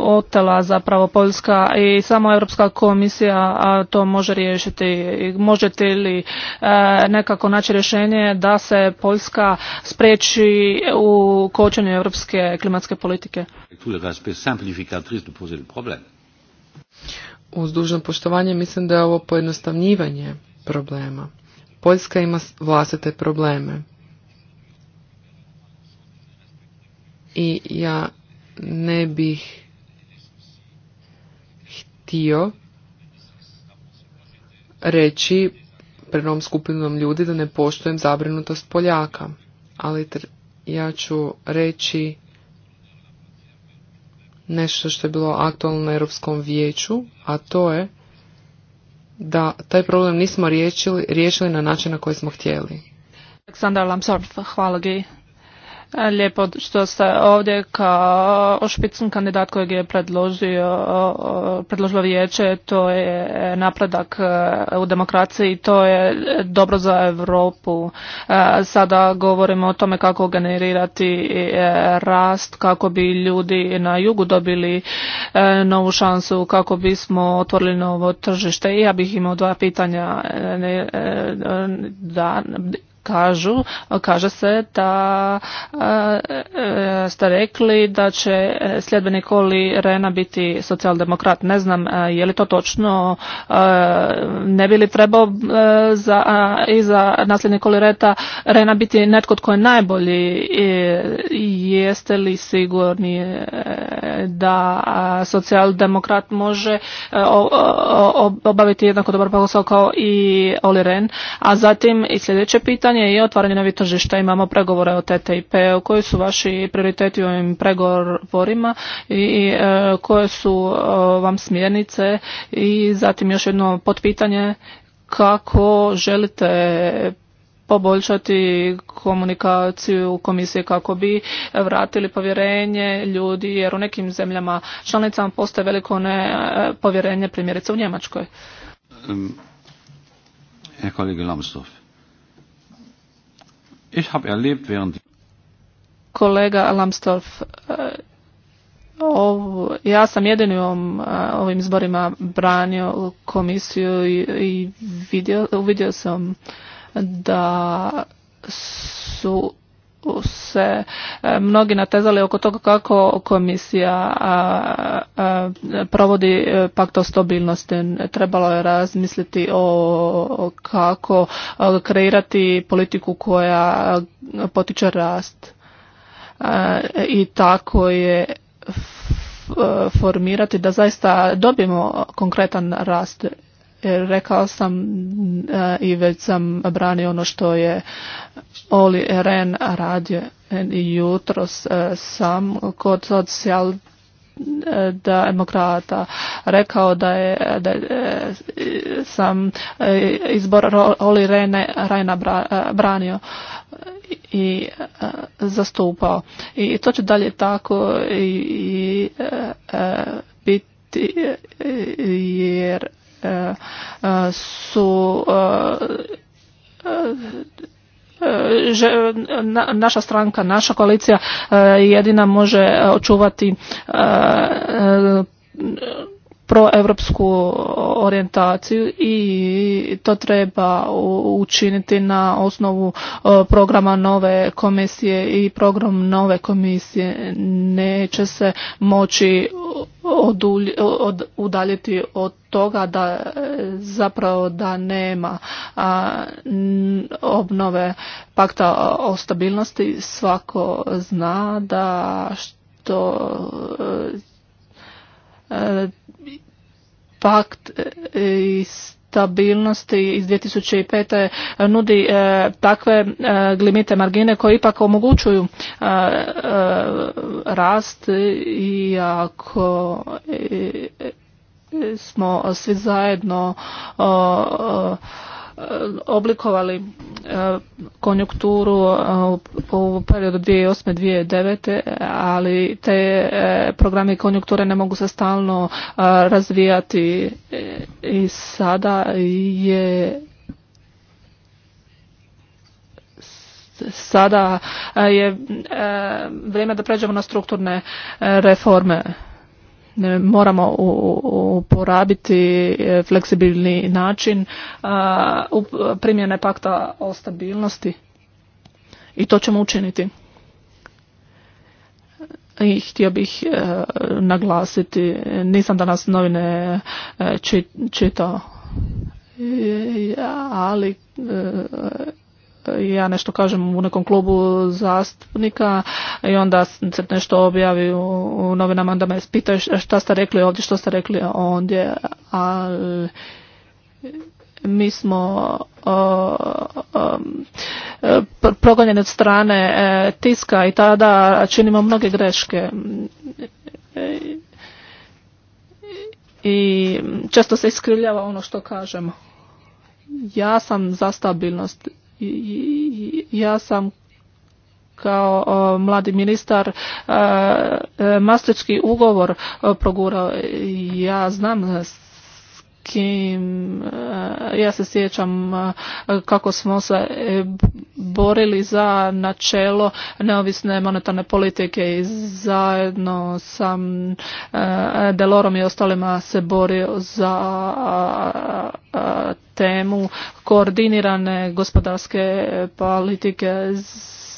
otela zapravo Poljska i samo Europska komisija to može riješiti. Možete li nekako naći rješenje da se Poljska spreči u kočenju europske klimatske politike? Uz dužno poštovanje mislim da je ovo pojednostavnjivanje problema. Poljska ima vlastite probleme. I ja ne bih htio reći prenom skupinom ljudi da ne poštujem zabrinutost Poljaka. Ali ja ću reći nešto što je bilo aktualno na Europskom vijeću, a to je da taj problem nismo riješili, riješili na način na koji smo htjeli. Aleksandar hvala Lijepo što ste ovdje kao špicni kandidat kojeg je predložio, predložilo vijeće, to je napredak e, u demokraciji, to je dobro za Europu. E, sada govorimo o tome kako generirati e, rast, kako bi ljudi na jugu dobili novu šansu, kako bismo otvorili novo tržište. I ja bih imao dva pitanja. Da, kažu, kaže se da e, e, ste rekli da će e, sljedbenik Oli Rena biti socijaldemokrat. Ne znam je li to točno, ne bi li trebao za, i za nasljednik Oli Reta, Rena biti netko tko je najbolji. Jeste li sigurni da socijaldemokrat može obaviti jednako dobar posao kao i Oli Ren? A zatim i sljedeće pitanje pitanje i otvaranje novih tržišta. Imamo pregovore o ttip Koji su vaši prioriteti u ovim pregovorima i e, koje su e, vam smjernice? I zatim još jedno potpitanje kako želite poboljšati komunikaciju komisije kako bi vratili povjerenje ljudi jer u nekim zemljama članicama postoje veliko ne e, povjerenje primjerice u Njemačkoj. Ich Kolega Lambsdorff, eh, ja sam jedini u eh, ovim izborima branio komisiju i, uvidio sam da su se e, mnogi natezali oko toga kako komisija provodi e, pakt o stabilnosti. Trebalo je razmisliti o kako e, kreirati politiku koja potiče rast i tako je formirati da zaista dobijemo konkretan rast rekao sam e, i već sam branio ono što je Oli Ren radio e, jutros e, sam kod socijal demokrata rekao da je sam izbor Oli Rene Rajna branio i zastupao i to će dalje tako i, i biti jer su e, e, e, naša stranka, naša koalicija jedina može očuvati proevropsku orijentaciju i to treba učiniti na osnovu programa nove komisije i program nove komisije neće se moći od, udaljiti od toga da e, zapravo da nema obnove pakta o stabilnosti svako zna da što e, e, pakt stabilnosti iz 2005. nudi e, takve glimite e, margine koje ipak omogućuju e, rast i ako smo svi zajedno Eh, oblikovali eh, konjunkturu eh, u periodu 2008-2009, ali te programe konjunkture ne mogu se stalno razvijati i sada je sada je vrijeme da pređemo na strukturne reforme moramo uporabiti e, fleksibilni način primjene pakta o stabilnosti i to ćemo učiniti. I htio bih e, naglasiti, nisam danas novine e, čitao, ali ja nešto kažem u nekom klubu zastupnika i onda se nešto objavi u, u novinama, da me ispitaju e, šta ste rekli ovdje, što ste rekli ondje, a mi smo progonjeni od strane e, tiska i tada činimo mnoge greške i često se iskrivljava ono što kažemo. Ja sam za stabilnost ja sam kao mladi ministar e, e, mastički ugovor e, progurao. Ja znam Kim, eh, ja se sjećam eh, kako smo se eh, borili za načelo neovisne monetarne politike i zajedno sam Delorom i ostalima se borio za temu koordinirane gospodarske politike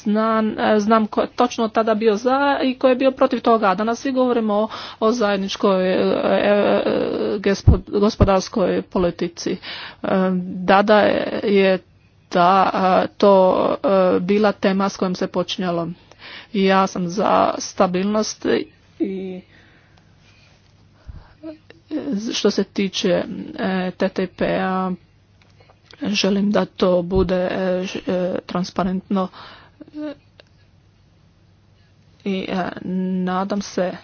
znam, e, znam ko je točno tada bio za i ko je bio protiv toga. danas svi govorimo o, zajedničkoj e, e, gospodarskoj politici. Dada je da to bila tema s kojom se počinjalo. Ja sam za stabilnost i što se tiče TTP-a želim da to bude transparentno i e, nadam se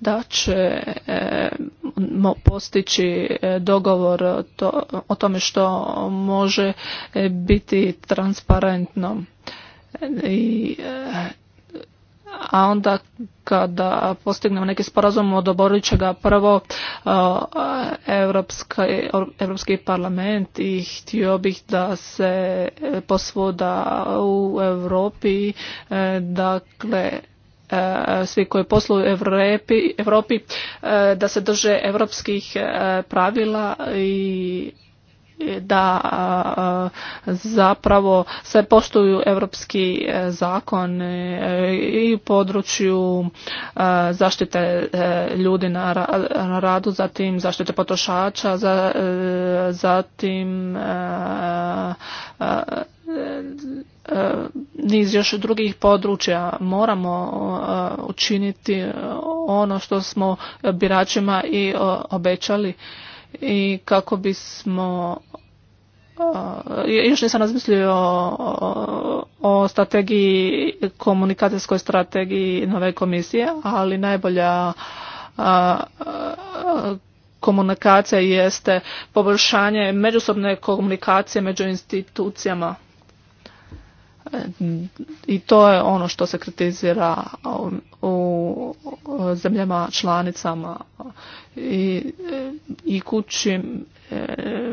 da ćemo e, postići e, dogovor o tome što može biti transparentno i a onda kada postignemo neki sporazum odoborit prvo uh, Europski parlament i htio bih da se posvuda u Europi eh, dakle eh, svi koji posluju u Europi eh, da se drže europskih pravila i da zapravo se poštuju europski e, zakon e, i u području zaštite e, ljudi na radu, zatim zaštite potrošača, zatim niz još drugih područja moramo učiniti ono što smo biračima i obećali i kako bismo još nisam razmislio o, o strategiji, komunikacijskoj strategiji nove komisije, ali najbolja komunikacija jeste poboljšanje međusobne komunikacije među institucijama i to je ono što se kritizira u zemljama članicama i, i kući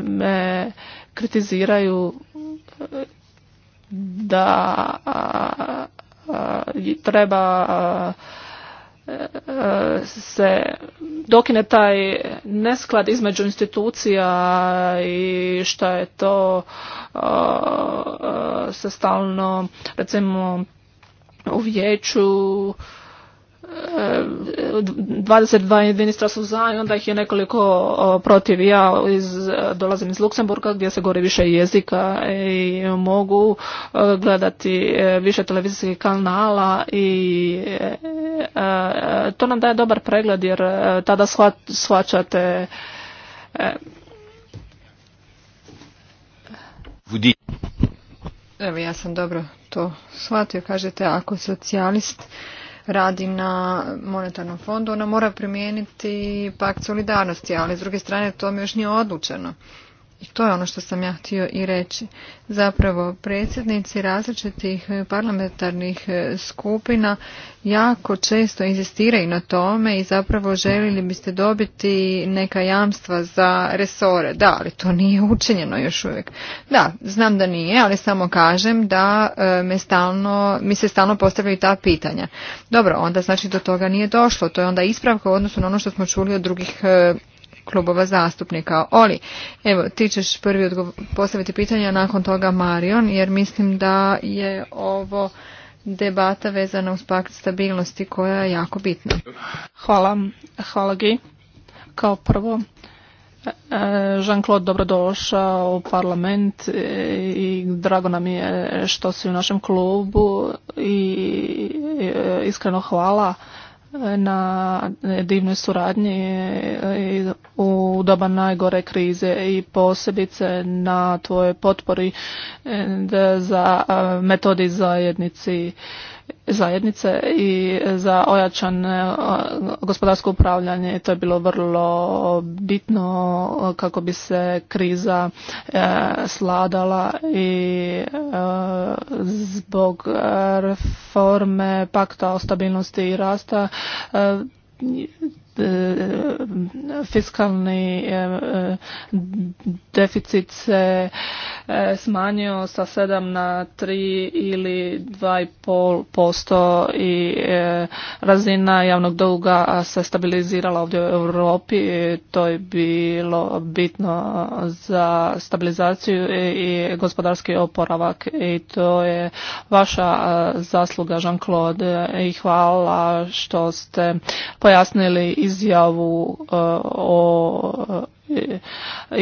me kritiziraju da treba se dokine taj nesklad između institucija i što je to se stalno recimo u vijeću 22 ministra su za i onda ih je nekoliko protiv. Ja iz, dolazim iz Luksemburga gdje se govori više jezika i mogu e, gledati e, više televizijskih kanala i e, to nam daje dobar pregled jer tada shvaćate Evo ja sam dobro to shvatio, kažete ako socijalist radi na monetarnom fondu, ona mora primijeniti pakt solidarnosti, ali s druge strane to još nije odlučeno. I to je ono što sam ja htio i reći. Zapravo, predsjednici različitih parlamentarnih e, skupina jako često inzistiraju na tome i zapravo željeli biste dobiti neka jamstva za resore. Da, ali to nije učinjeno još uvijek. Da, znam da nije, ali samo kažem da e, me stalno, mi se stalno postavljaju ta pitanja. Dobro, onda znači do toga nije došlo. To je onda ispravka u odnosu na ono što smo čuli od drugih e, klubova zastupnika. Oli, evo, ti ćeš prvi postaviti pitanje, a nakon toga Marion, jer mislim da je ovo debata vezana uz pakt stabilnosti koja je jako bitna. Hvala, hvala Gi. Kao prvo, e, Jean-Claude dobrodošao u parlament i drago nam je što si u našem klubu i e, iskreno hvala na divnoj suradnji u doba najgore krize i posebice na tvojoj potpori e, za metodi zajednici zajednice i za ojačan e, gospodarsko upravljanje. To je bilo vrlo bitno kako bi se kriza e, sladala i e, zbog reforme pakta o stabilnosti i rasta E, fiskalni e, e, deficit se smanjio sa 7 na 3 ili 2,5% i razina javnog duga se stabilizirala ovdje u Europi. To je bilo bitno za stabilizaciju i gospodarski oporavak i to je vaša zasluga Jean-Claude i hvala što ste pojasnili i izjavu e, o e,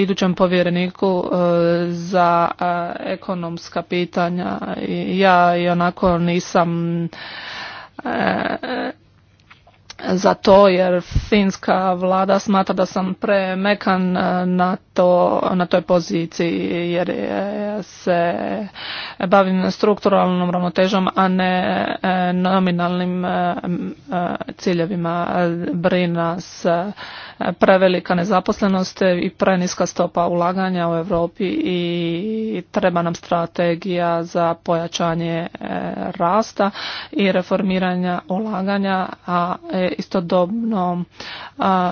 idućem povjereniku e, za ekonomska pitanja. Ja i onako nisam za to jer finska vlada smatra da sam premekan eh, na, to, na toj poziciji jer se bavim strukturalnom ravnotežom, a ne eh, nominalnim eh, ciljevima. Brina se prevelika nezaposlenost i preniska stopa ulaganja u Europi i treba nam strategija za pojačanje rasta i reformiranja ulaganja, a istodobno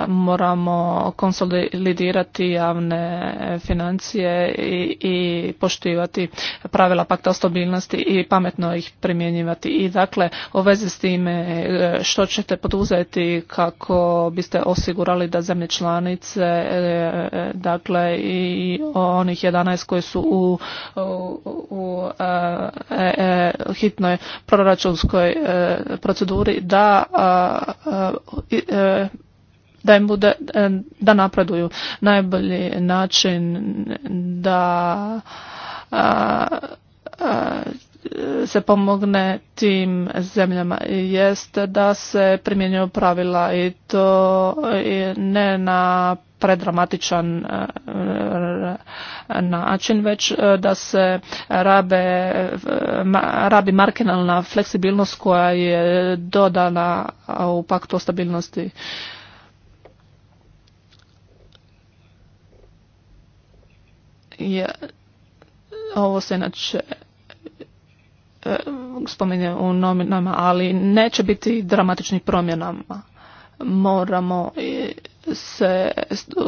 moramo konsolidirati javne financije i, poštivati pravila pakta o stabilnosti i pametno ih primjenjivati. I dakle, u vezi s time e, što ćete poduzeti kako biste osigurali da zemlje članice, e, dakle i onih 11 koji su u, u, e, hitnoj proračunskoj proceduri da E, da im bude e, da napreduju najbolji način da se pomogne tim zemljama jest da se primjenjuju pravila i to ne na predramatičan e, način, već e, da se rabe, e, rabi marginalna fleksibilnost koja je dodana u paktu o stabilnosti. Je, ovo se inače spominje u nominama, ali neće biti dramatičnih promjenama. Moramo i se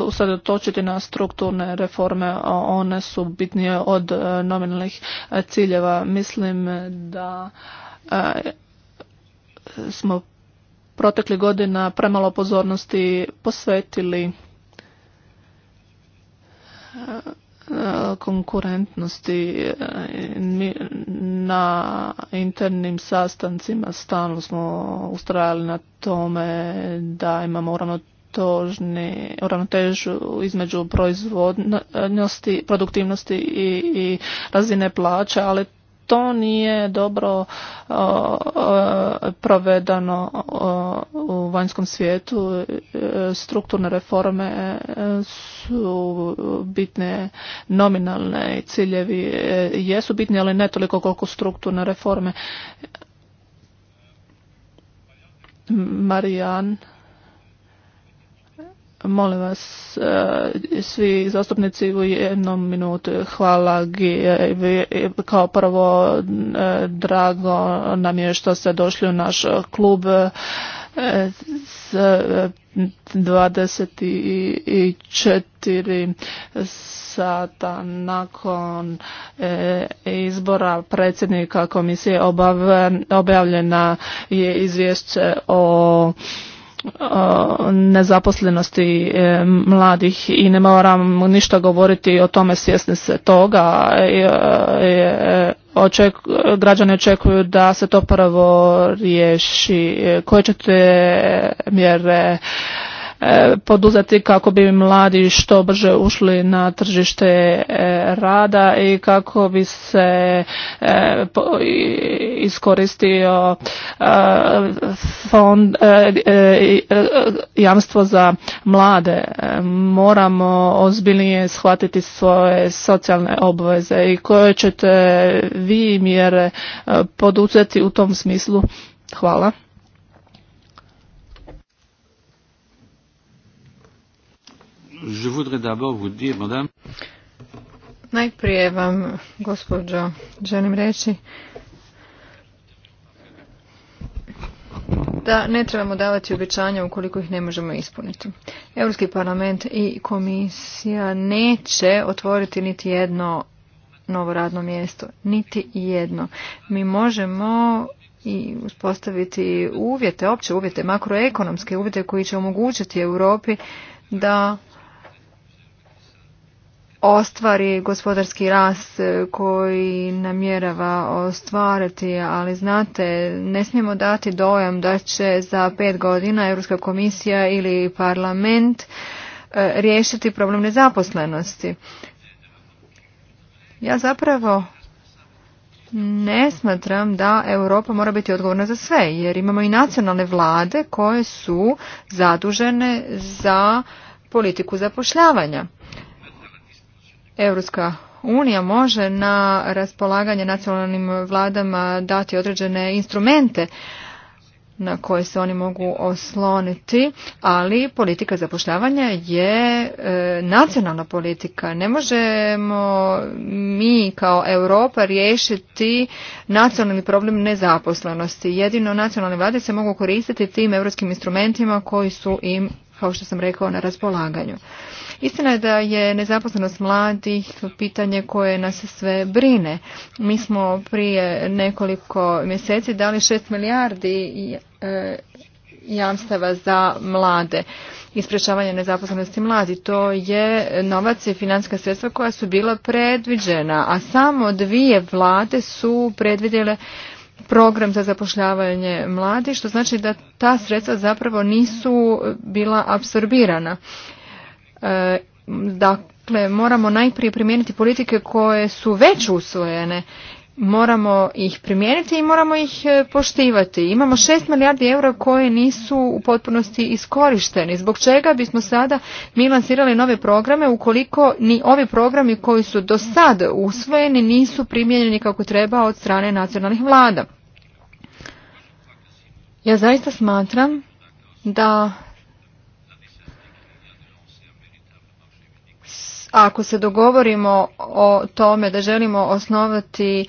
usredotočiti na strukturne reforme, one su bitnije od e, nominalnih e, ciljeva. Mislim da e, smo protekli godina premalo pozornosti posvetili konkurentnosti na internim sastancima stalno smo ustrajali na tome da imamo uravno ravnotežu između proizvodnosti, produktivnosti i, i razine plaća, ali to nije dobro o, provedano u vanjskom svijetu. E, strukturne reforme e, su bitne nominalne ciljevi e, jesu bitni, ali ne toliko koliko strukturne reforme. Marijan Molim vas, e, svi zastupnici u jednom minutu. Hvala e, e, kao prvo drago nam je što ste došli u naš klub s 24 sata nakon izbora predsjednika komisije objavljena je izvješće o nezaposlenosti e, mladih i ne moram ništa govoriti o tome svjesni se toga e, e, Oček, građani očekuju da se to prvo riješi koje ćete mjere E, poduzeti kako bi mladi što brže ušli na tržište e, rada i kako bi se e, iskoristio fond jamstvo za mlade moramo ozbiljnije shvatiti svoje socijalne obveze i koje ćete vi mjere poduzeti u tom smislu hvala je voudrais d'abord vous dire, madame... Najprije vam, gospođo, želim reći da ne trebamo davati obećanja ukoliko ih ne možemo ispuniti. Europski parlament i komisija neće otvoriti niti jedno novo radno mjesto, niti jedno. Mi možemo i uspostaviti uvjete, opće uvjete, makroekonomske uvjete koji će omogućiti Europi da ostvari gospodarski rast e, koji namjerava ostvariti, ali znate, ne smijemo dati dojam da će za pet godina Europska komisija ili parlament e, riješiti problem nezaposlenosti. Ja zapravo ne smatram da Europa mora biti odgovorna za sve, jer imamo i nacionalne vlade koje su zadužene za politiku zapošljavanja. Europska unija može na raspolaganje nacionalnim vladama dati određene instrumente na koje se oni mogu osloniti, ali politika zapošljavanja je e, nacionalna politika. Ne možemo mi kao Europa riješiti nacionalni problem nezaposlenosti. Jedino nacionalne vlade se mogu koristiti tim europskim instrumentima koji su im, kao što sam rekao, na raspolaganju. Istina je da je nezaposlenost mladih pitanje koje nas sve brine. Mi smo prije nekoliko mjeseci dali 6 milijardi e, jamstava za mlade i nezaposlenosti mladi. To je novac i financijska sredstva koja su bila predviđena, a samo dvije vlade su predvidjele program za zapošljavanje mladi, što znači da ta sredstva zapravo nisu bila apsorbirana. E, dakle, moramo najprije primijeniti politike koje su već usvojene. Moramo ih primijeniti i moramo ih e, poštivati. Imamo 6 milijardi eura koje nisu u potpunosti iskorišteni. Zbog čega bismo sada mi nove programe ukoliko ni ovi programi koji su do sad usvojeni nisu primijenjeni kako treba od strane nacionalnih vlada. Ja zaista smatram da Ako se dogovorimo o tome da želimo osnovati e,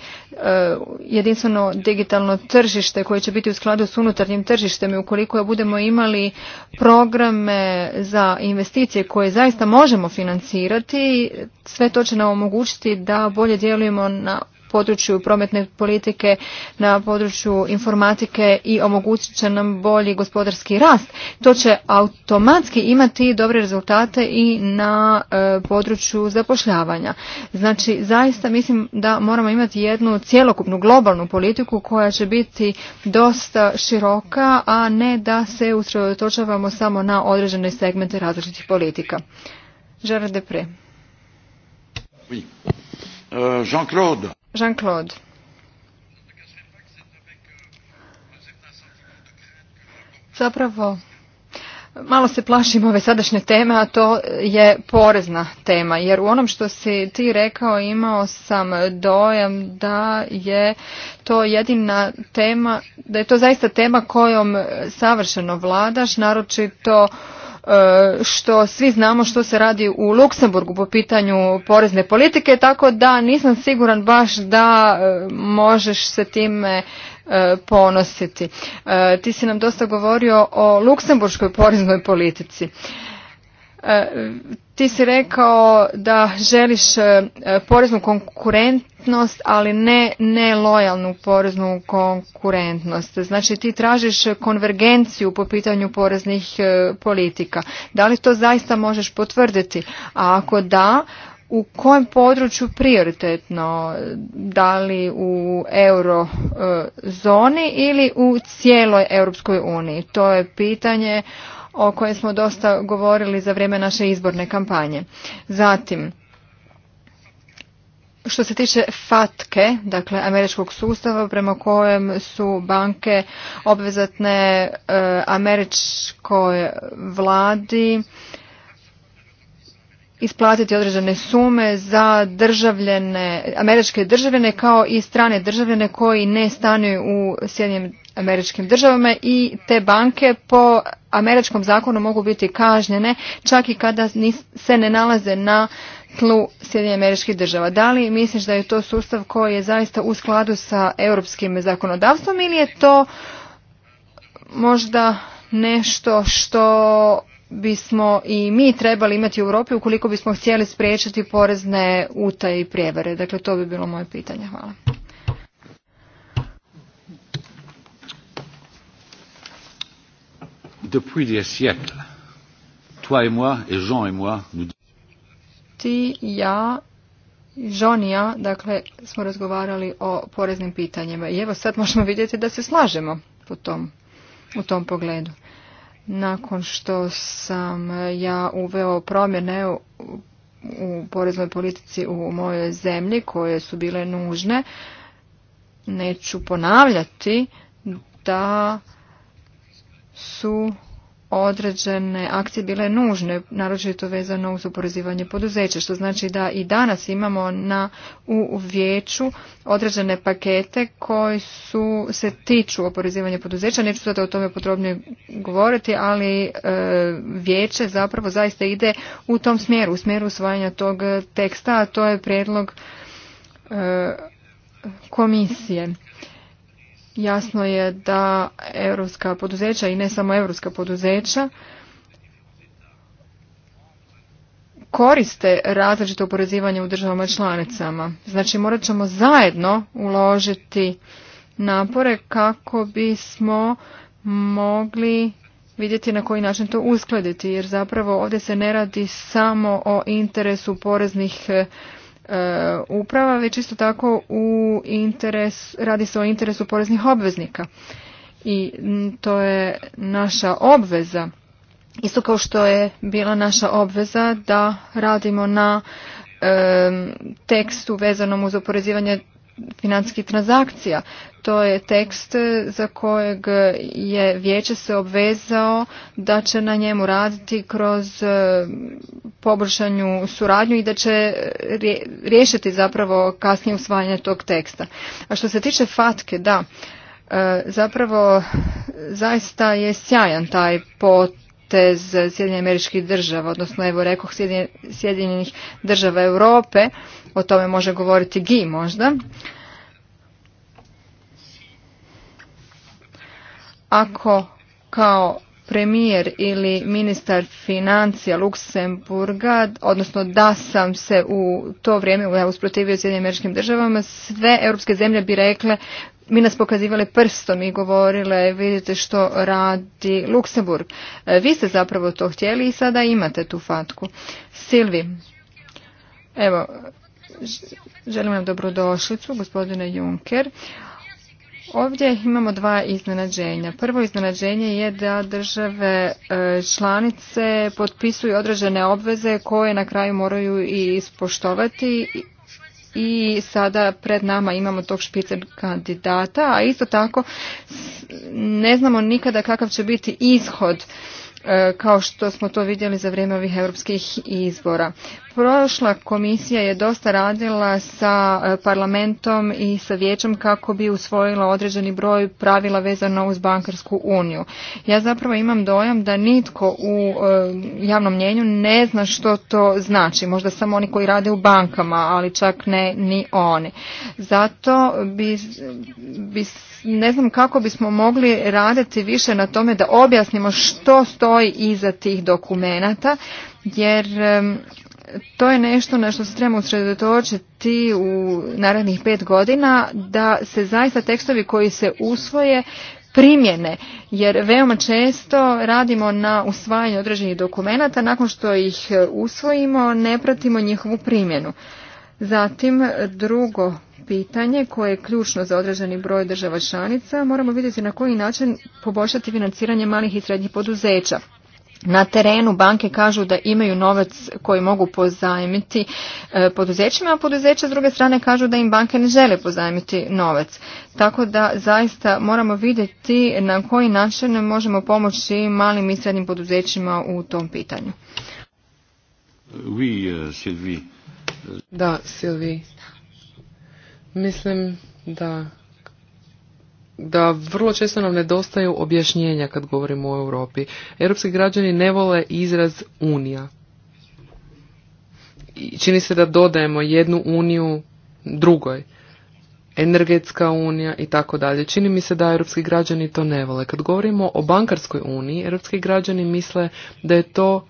jedinstveno digitalno tržište koje će biti u skladu s unutarnjim tržištem i ukoliko budemo imali programe za investicije koje zaista možemo financirati, sve to će nam omogućiti da bolje djelujemo na području prometne politike, na području informatike i omogućit će nam bolji gospodarski rast. To će automatski imati dobre rezultate i na e, području zapošljavanja. Znači, zaista mislim da moramo imati jednu cjelokupnu globalnu politiku koja će biti dosta široka, a ne da se usredotočavamo samo na određene segmente različitih politika. Žara Depre. Oui. Euh, Jean-Claude. Jean-Claude. Zapravo, malo se plašim ove sadašnje teme, a to je porezna tema, jer u onom što si ti rekao imao sam dojam da je to jedina tema, da je to zaista tema kojom savršeno vladaš, naročito E, što svi znamo što se radi u Luksemburgu po pitanju porezne politike, tako da nisam siguran baš da e, možeš se time e, ponositi. Ti si nam dosta govorio o luksemburškoj poreznoj politici. E, ti si rekao da želiš e, poreznu konkurentnost, ali ne lojalnu poreznu konkurentnost. Znači ti tražiš konvergenciju po pitanju poreznih e, politika. Da li to zaista možeš potvrditi? A ako da, u kojem području prioritetno? Da li u eurozoni ili u cijeloj Europskoj uniji? To je pitanje o kojem smo dosta govorili za vrijeme naše izborne kampanje. Zatim, što se tiče FATKE, dakle američkog sustava prema kojem su banke obvezatne e, američkoj vladi isplatiti određene sume za državljene, američke državljene kao i strane državljene koji ne stanuju u Sjedinim američkim državama i te banke po američkom zakonu mogu biti kažnjene čak i kada se ne nalaze na tlu Sjedinjenih američkih država. Da li misliš da je to sustav koji je zaista u skladu sa europskim zakonodavstvom ili je to možda nešto što bismo i mi trebali imati u Europi ukoliko bismo htjeli spriječiti porezne utaje i prijevare. Dakle, to bi bilo moje pitanje. Hvala. depuis des siècles. Toi et moi, et Jean et moi, nous... Ti, ja, Jean i ja, dakle, smo razgovarali o poreznim pitanjima. I evo sad možemo vidjeti da se slažemo po tom, u tom pogledu. Nakon što sam ja uveo promjene u, u poreznoj politici u mojoj zemlji koje su bile nužne, neću ponavljati da su određene akcije bile nužne, naročito vezano uz oporezivanje poduzeća, što znači da i danas imamo na, u vijeću određene pakete koji su, se tiču oporezivanja poduzeća. Neću sada o tome potrebno govoriti, ali e, vijeće zapravo zaista ide u tom smjeru, u smjeru usvajanja tog teksta, a to je prijedlog e, komisije. Jasno je da europska poduzeća i ne samo europska poduzeća koriste različito oporezivanje u državama članicama. Znači morat ćemo zajedno uložiti napore kako bismo mogli vidjeti na koji način to uskladiti jer zapravo ovdje se ne radi samo o interesu poreznih E, uprava, već isto tako u radi se o interesu poreznih obveznika. I to je naša obveza, isto kao što je bila naša obveza da radimo na e, tekstu vezanom uz oporezivanje financijskih transakcija. To je tekst e, za kojeg je vijeće se obvezao da će na njemu raditi kroz e, poboljšanju suradnju i da će e, riješiti zapravo kasnije usvajanje tog teksta. A što se tiče fatke, da, zapravo zaista je sjajan taj pot potez Sjedinjenih američkih država, odnosno evo rekoh Sjedinjenih država Europe, o tome može govoriti GI možda. Ako kao premijer ili ministar financija Luksemburga, odnosno da sam se u to vrijeme usprotivio Sjedinim američkim državama, sve europske zemlje bi rekle mi nas pokazivali prstom i govorile vidite što radi Luksemburg. E, vi ste zapravo to htjeli i sada imate tu fatku. Silvi, evo, želim vam dobrodošlicu, gospodine Juncker. Ovdje imamo dva iznenađenja. Prvo iznenađenje je da države e, članice potpisuju određene obveze koje na kraju moraju i ispoštovati i sada pred nama imamo tog špicer kandidata, a isto tako ne znamo nikada kakav će biti ishod e, kao što smo to vidjeli za vrijeme ovih europskih izbora. Prošla komisija je dosta radila sa e, parlamentom i sa vijećem kako bi usvojila određeni broj pravila vezano uz bankarsku uniju. Ja zapravo imam dojam da nitko u e, javnom mnjenju ne zna što to znači. Možda samo oni koji rade u bankama, ali čak ne ni oni. Zato bi, bi ne znam kako bismo mogli raditi više na tome da objasnimo što stoji iza tih dokumenata jer to je nešto na što se trebamo usredotočiti u narednih pet godina, da se zaista tekstovi koji se usvoje primjene, jer veoma često radimo na usvajanju određenih dokumenata, nakon što ih usvojimo ne pratimo njihovu primjenu. Zatim drugo pitanje koje je ključno za određeni broj država članica, moramo vidjeti na koji način poboljšati financiranje malih i srednjih poduzeća na terenu banke kažu da imaju novac koji mogu pozajmiti e, poduzećima, a poduzeća s druge strane kažu da im banke ne žele pozajmiti novac. Tako da zaista moramo vidjeti na koji način možemo pomoći malim i srednjim poduzećima u tom pitanju. Euh, da, Silvi. Mislim da da vrlo često nam nedostaju objašnjenja kad govorimo o Europi. Europski građani ne vole izraz unija. I čini se da dodajemo jednu uniju drugoj. Energetska unija i tako dalje. Čini mi se da europski građani to ne vole. Kad govorimo o bankarskoj uniji, europski građani misle da je to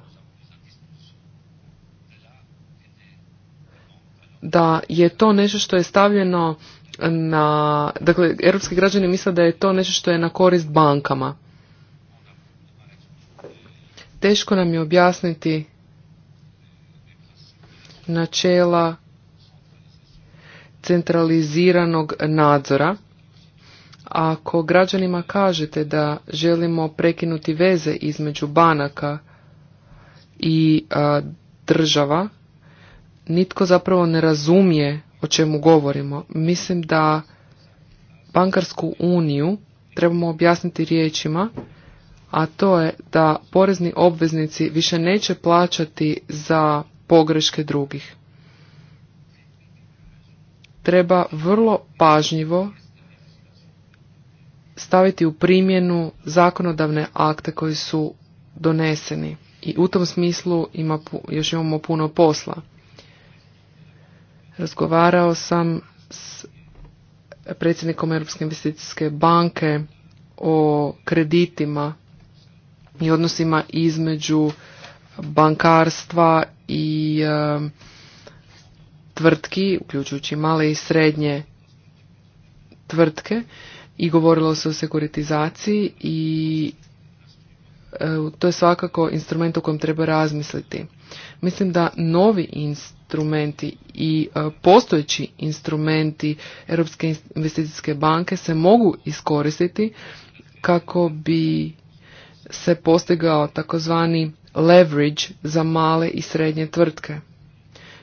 da je to nešto što je stavljeno na, dakle, europski građani misle da je to nešto što je na korist bankama. Teško nam je objasniti načela centraliziranog nadzora. Ako građanima kažete da želimo prekinuti veze između banaka i država, nitko zapravo ne razumije o čemu govorimo. Mislim da bankarsku uniju trebamo objasniti riječima, a to je da porezni obveznici više neće plaćati za pogreške drugih. Treba vrlo pažljivo staviti u primjenu zakonodavne akte koji su doneseni i u tom smislu ima, još imamo puno posla. Razgovarao sam s predsjednikom Europske investicijske banke o kreditima i odnosima između bankarstva i e, tvrtki, uključujući male i srednje tvrtke i govorilo se o sekuritizaciji i e, to je svakako instrument o kojem treba razmisliti. Mislim da novi instrument instrumenti i e, postojeći instrumenti Europske investicijske banke se mogu iskoristiti kako bi se postigao takozvani leverage za male i srednje tvrtke.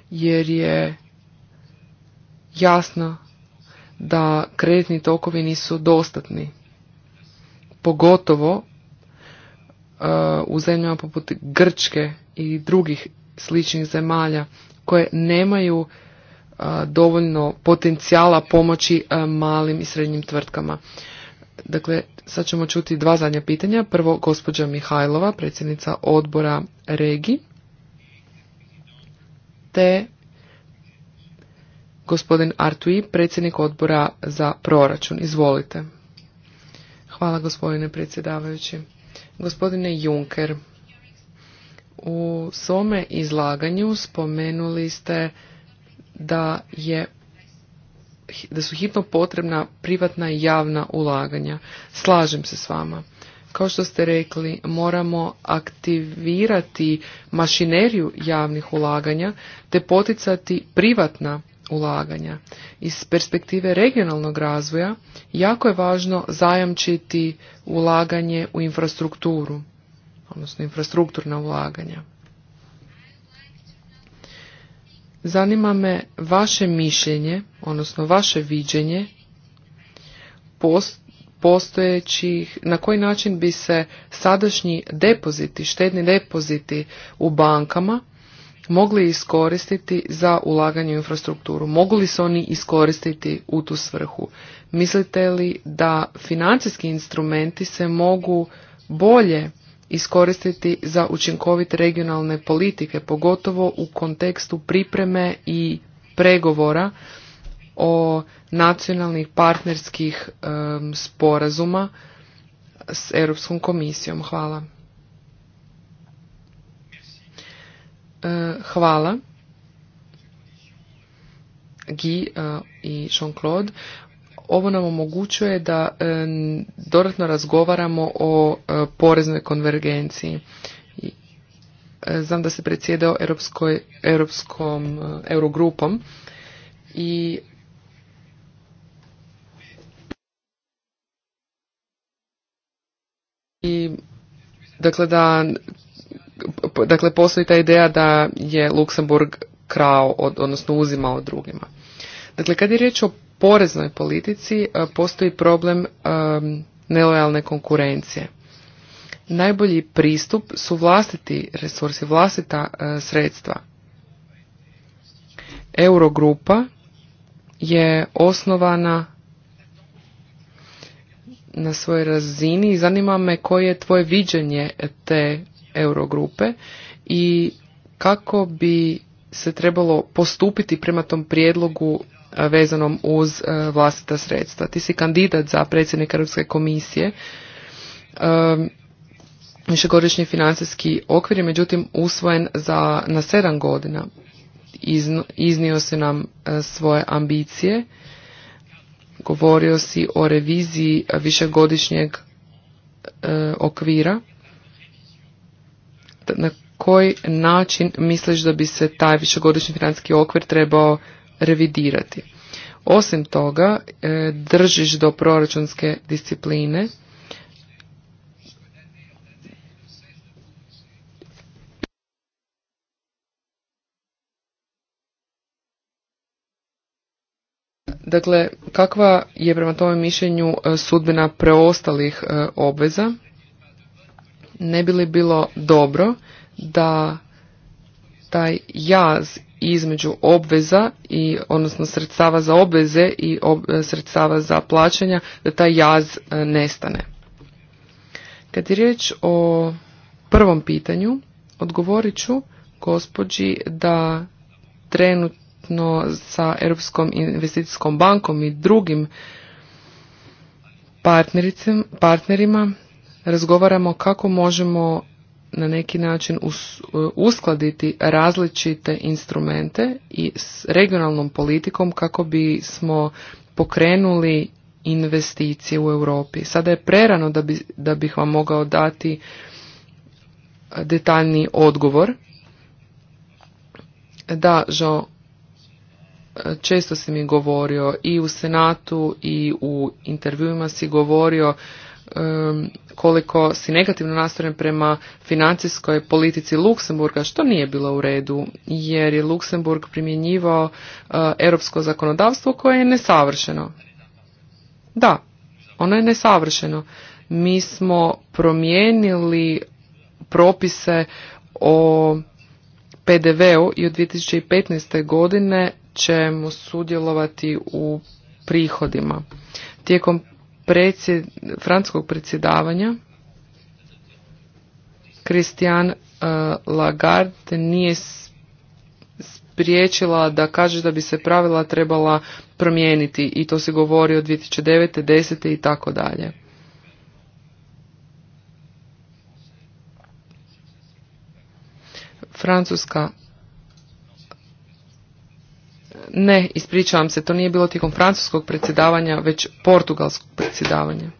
Jer je jasno da kreditni tokovi nisu dostatni. Pogotovo e, u zemljama poput Grčke i drugih sličnih zemalja koje nemaju dovoljno potencijala pomoći malim i srednjim tvrtkama. Dakle, sad ćemo čuti dva zadnja pitanja. Prvo, gospođa Mihajlova, predsjednica odbora REGI, te gospodin Artui, predsjednik odbora za proračun. Izvolite. Hvala, gospodine predsjedavajući. Gospodine Junker. U svome izlaganju spomenuli ste da je da su hitno potrebna privatna i javna ulaganja. Slažem se s vama. Kao što ste rekli, moramo aktivirati mašineriju javnih ulaganja te poticati privatna ulaganja. Iz perspektive regionalnog razvoja jako je važno zajamčiti ulaganje u infrastrukturu odnosno infrastrukturna ulaganja. Zanima me vaše mišljenje, odnosno vaše viđenje postojećih, na koji način bi se sadašnji depoziti, štedni depoziti u bankama mogli iskoristiti za ulaganje u infrastrukturu? Mogu li se oni iskoristiti u tu svrhu? Mislite li da financijski instrumenti se mogu bolje iskoristiti za učinkovite regionalne politike, pogotovo u kontekstu pripreme i pregovora o nacionalnih partnerskih sporazuma s Europskom komisijom. Hvala. E, hvala. E, i Jean-Claude ovo nam omogućuje da e, dodatno razgovaramo o e, poreznoj konvergenciji. E, znam da se predsjedao Europskoj, Europskom Eurogrupom i i dakle da dakle postoji ta ideja da je Luksemburg krao odnosno uzimao drugima. Dakle kad je riječ o poreznoj politici e, postoji problem e, nelojalne konkurencije. Najbolji pristup su vlastiti resursi, vlastita e, sredstva. Eurogrupa je osnovana na svojoj razini i zanima me koje je tvoje viđenje te Eurogrupe i kako bi se trebalo postupiti prema tom prijedlogu vezanom uz e, vlastita sredstva. Ti si kandidat za predsjednika Europske komisije e, višegodišnji financijski okvir je međutim usvojen za na sedam godina. iznio se nam e, svoje ambicije, govorio si o reviziji višegodišnjeg okvira. Na koji način misliš da bi se taj višegodišnji financijski okvir trebao revidirati. Osim toga, e, držiš do proračunske discipline, Dakle, kakva je prema tome mišljenju e, sudbina preostalih e, obveza? Ne bi li bilo dobro da taj jaz između obveza i odnosno sredstava za obveze i e, sredstava za plaćanja da taj jaz e, nestane. Kad je riječ o prvom pitanju, odgovorit ću gospođi da trenutno sa Europskom investicijskom bankom i drugim partnerima razgovaramo kako možemo na neki način e, uskladiti različite instrumente i s regionalnom politikom kako bi smo pokrenuli investicije u Europi. Sada je prerano da, bi, da bih vam mogao dati e, detaljni odgovor. Da, žao, e, često si mi govorio i u Senatu i u intervjuima si govorio koliko si negativno nastrojen prema financijskoj politici Luksemburga, što nije bilo u redu, jer je Luksemburg primjenjivao eh, europsko zakonodavstvo koje je nesavršeno. Da, ono je nesavršeno. Mi smo promijenili propise o PDV-u i od 2015. godine ćemo sudjelovati u prihodima. Tijekom predsjed, francuskog predsjedavanja Christian uh, Lagarde nije spriječila da kaže da bi se pravila trebala promijeniti i to se govori od 2009. 10. i tako dalje. Francuska ne, ispričavam se, to nije bilo tijekom francuskog predsjedavanja, već portugalskog predsjedavanja.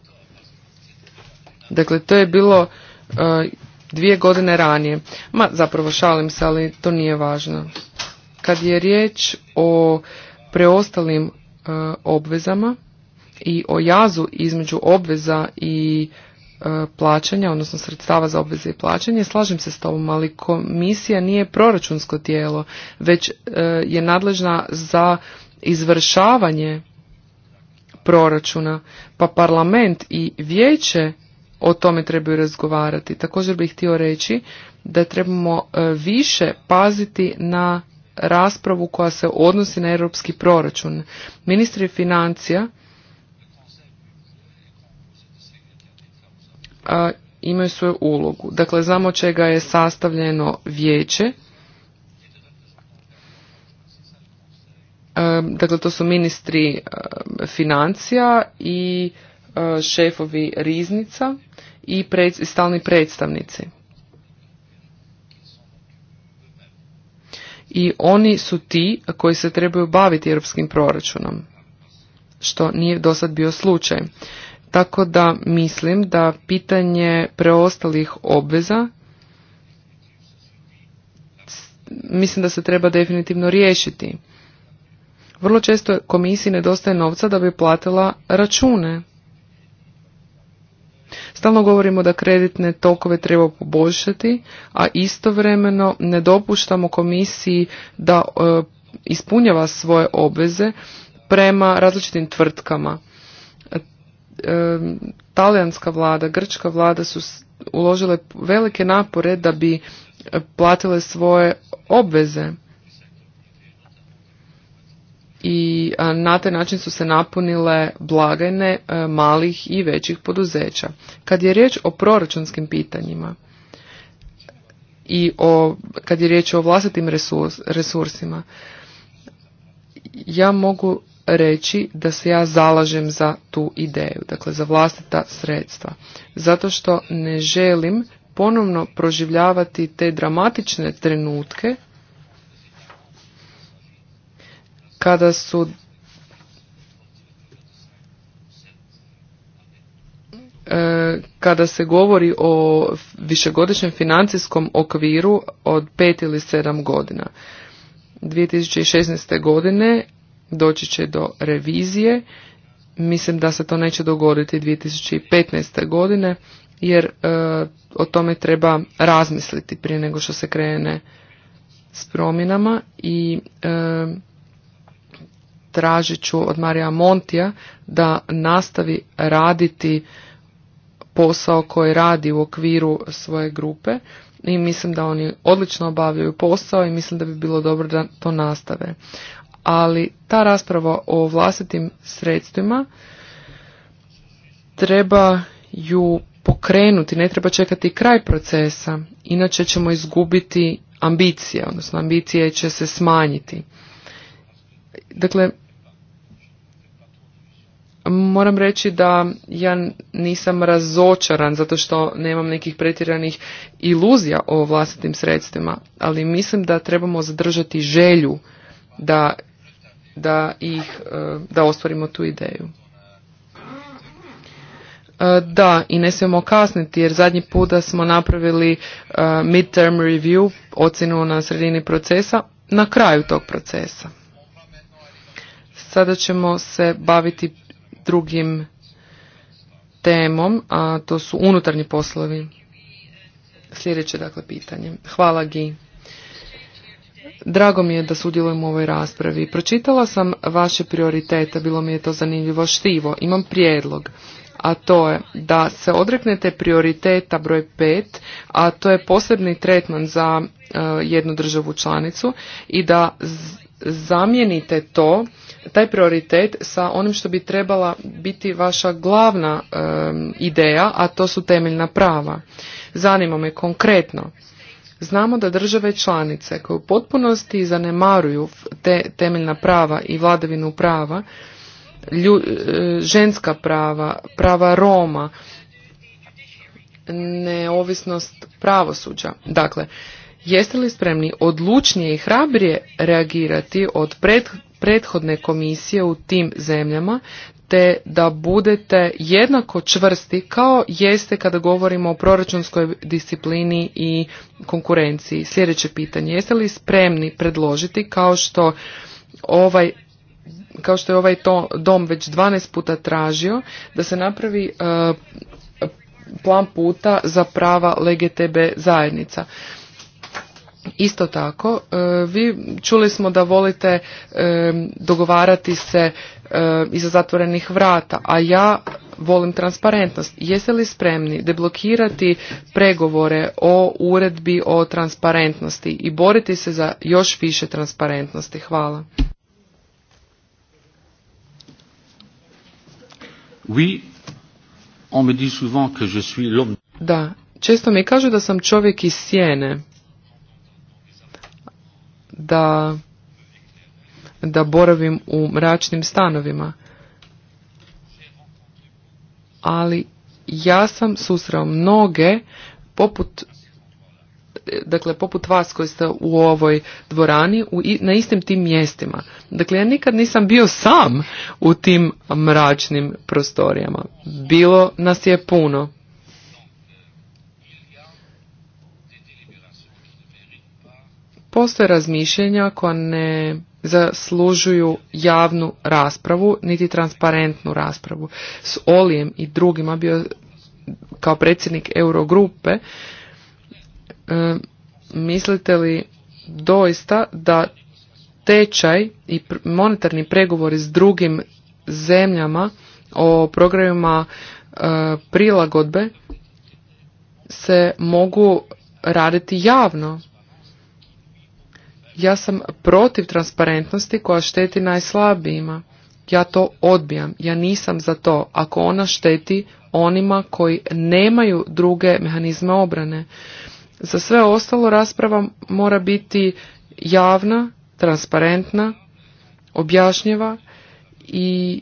Dakle, to je bilo e, dvije godine ranije. Ma, zapravo šalim se, ali to nije važno. Kad je riječ o preostalim e, obvezama i o jazu između obveza i E, plaćanja, odnosno sredstava za obveze i plaćanje. Slažem se s tobom, ali komisija nije proračunsko tijelo, već e, je nadležna za izvršavanje proračuna, pa parlament i vijeće o tome trebaju razgovarati. Također bih htio reći da trebamo e, više paziti na raspravu koja se odnosi na europski proračun. Ministri financija imaju svoju ulogu. Dakle, znamo čega je sastavljeno vijeće. Dakle, to su ministri financija i šefovi riznica i stalni predstavnici. I oni su ti koji se trebaju baviti europskim proračunom, što nije dosad bio slučaj. Tako da mislim da pitanje preostalih obveza mislim da se treba definitivno riješiti. Vrlo često komisiji nedostaje novca da bi platila račune. Stalno govorimo da kreditne tokove treba poboljšati, a istovremeno ne dopuštamo komisiji da e, ispunjava svoje obveze prema različitim tvrtkama talijanska vlada, grčka vlada su uložile velike napore da bi eh, platile svoje obveze i na taj način su se napunile blagajne eh, malih i većih poduzeća. Kad je riječ o proračunskim pitanjima i o, kad je riječ o vlastitim resursima, ja mogu reći da se ja zalažem za tu ideju, dakle za vlastita sredstva. Zato što ne želim ponovno proživljavati te dramatične trenutke kada su e, kada se govori o višegodišnjem financijskom okviru od pet ili sedam godina. 2016. godine doći će do revizije. Mislim da se to neće dogoditi 2015. godine jer e, o tome treba razmisliti prije nego što se krene s promjenama i e, tražit ću od Marija Montija da nastavi raditi posao koji radi u okviru svoje grupe i mislim da oni odlično obavljaju posao i mislim da bi bilo dobro da to nastave ali ta rasprava o vlastitim sredstvima treba ju pokrenuti, ne treba čekati kraj procesa, inače ćemo izgubiti ambicije, odnosno ambicije će se smanjiti. Dakle, moram reći da ja nisam razočaran zato što nemam nekih pretjeranih iluzija o vlastitim sredstvima, ali mislim da trebamo zadržati želju da da ih, e, da ostvarimo tu ideju. E, da, i ne smijemo kasniti jer zadnji puta smo napravili e, midterm review, ocjenu na sredini procesa, na kraju tog procesa. Sada ćemo se baviti drugim temom, a to su unutarnji poslovi. Sljedeće dakle pitanje. Hvala Gi. Drago mi je da sudjelujem u ovoj raspravi. Pročitala sam vaše prioritete, bilo mi je to zanimljivo štivo. Imam prijedlog, a to je da se odreknete prioriteta broj pet, a to je posebni tretman za e, jednu državu članicu i da zamijenite to, taj prioritet sa onim što bi trebala biti vaša glavna e, ideja, a to su temeljna prava. Zanima me konkretno Znamo da države članice koje u potpunosti zanemaruju te temeljna prava i vladavinu prava, e, ženska prava, prava Roma, neovisnost pravosuđa. Dakle, jeste li spremni odlučnije i hrabrije reagirati od prethodne komisije u tim zemljama te da budete jednako čvrsti kao jeste kada govorimo o proračunskoj disciplini i konkurenciji. Sljedeće pitanje, jeste li spremni predložiti kao što ovaj kao što je ovaj to, dom već 12 puta tražio, da se napravi e, plan puta za prava LGTB zajednica. Isto tako, e, vi čuli smo da volite e, dogovarati se E, iza zatvorenih vrata, a ja volim transparentnost. Jeste li spremni deblokirati pregovore o uredbi o transparentnosti i boriti se za još više transparentnosti? Hvala. on me dit souvent que je suis l'homme. Da, često mi kažu da sam čovjek iz sjene. Da da boravim u mračnim stanovima. Ali ja sam susrao mnoge poput dakle poput vas koji ste u ovoj dvorani u, na istim tim mjestima. Dakle, ja nikad nisam bio sam u tim mračnim prostorijama. Bilo nas je puno. Postoje razmišljenja koja ne zaslužuju javnu raspravu, niti transparentnu raspravu. S Olijem i drugima bio kao predsjednik Eurogrupe, e, mislite li doista da tečaj i monetarni pregovori s drugim zemljama o programima e, prilagodbe se mogu raditi javno ja sam protiv transparentnosti koja šteti najslabijima. Ja to odbijam. Ja nisam za to ako ona šteti onima koji nemaju druge mehanizme obrane. Za sve ostalo rasprava mora biti javna, transparentna, objašnjiva i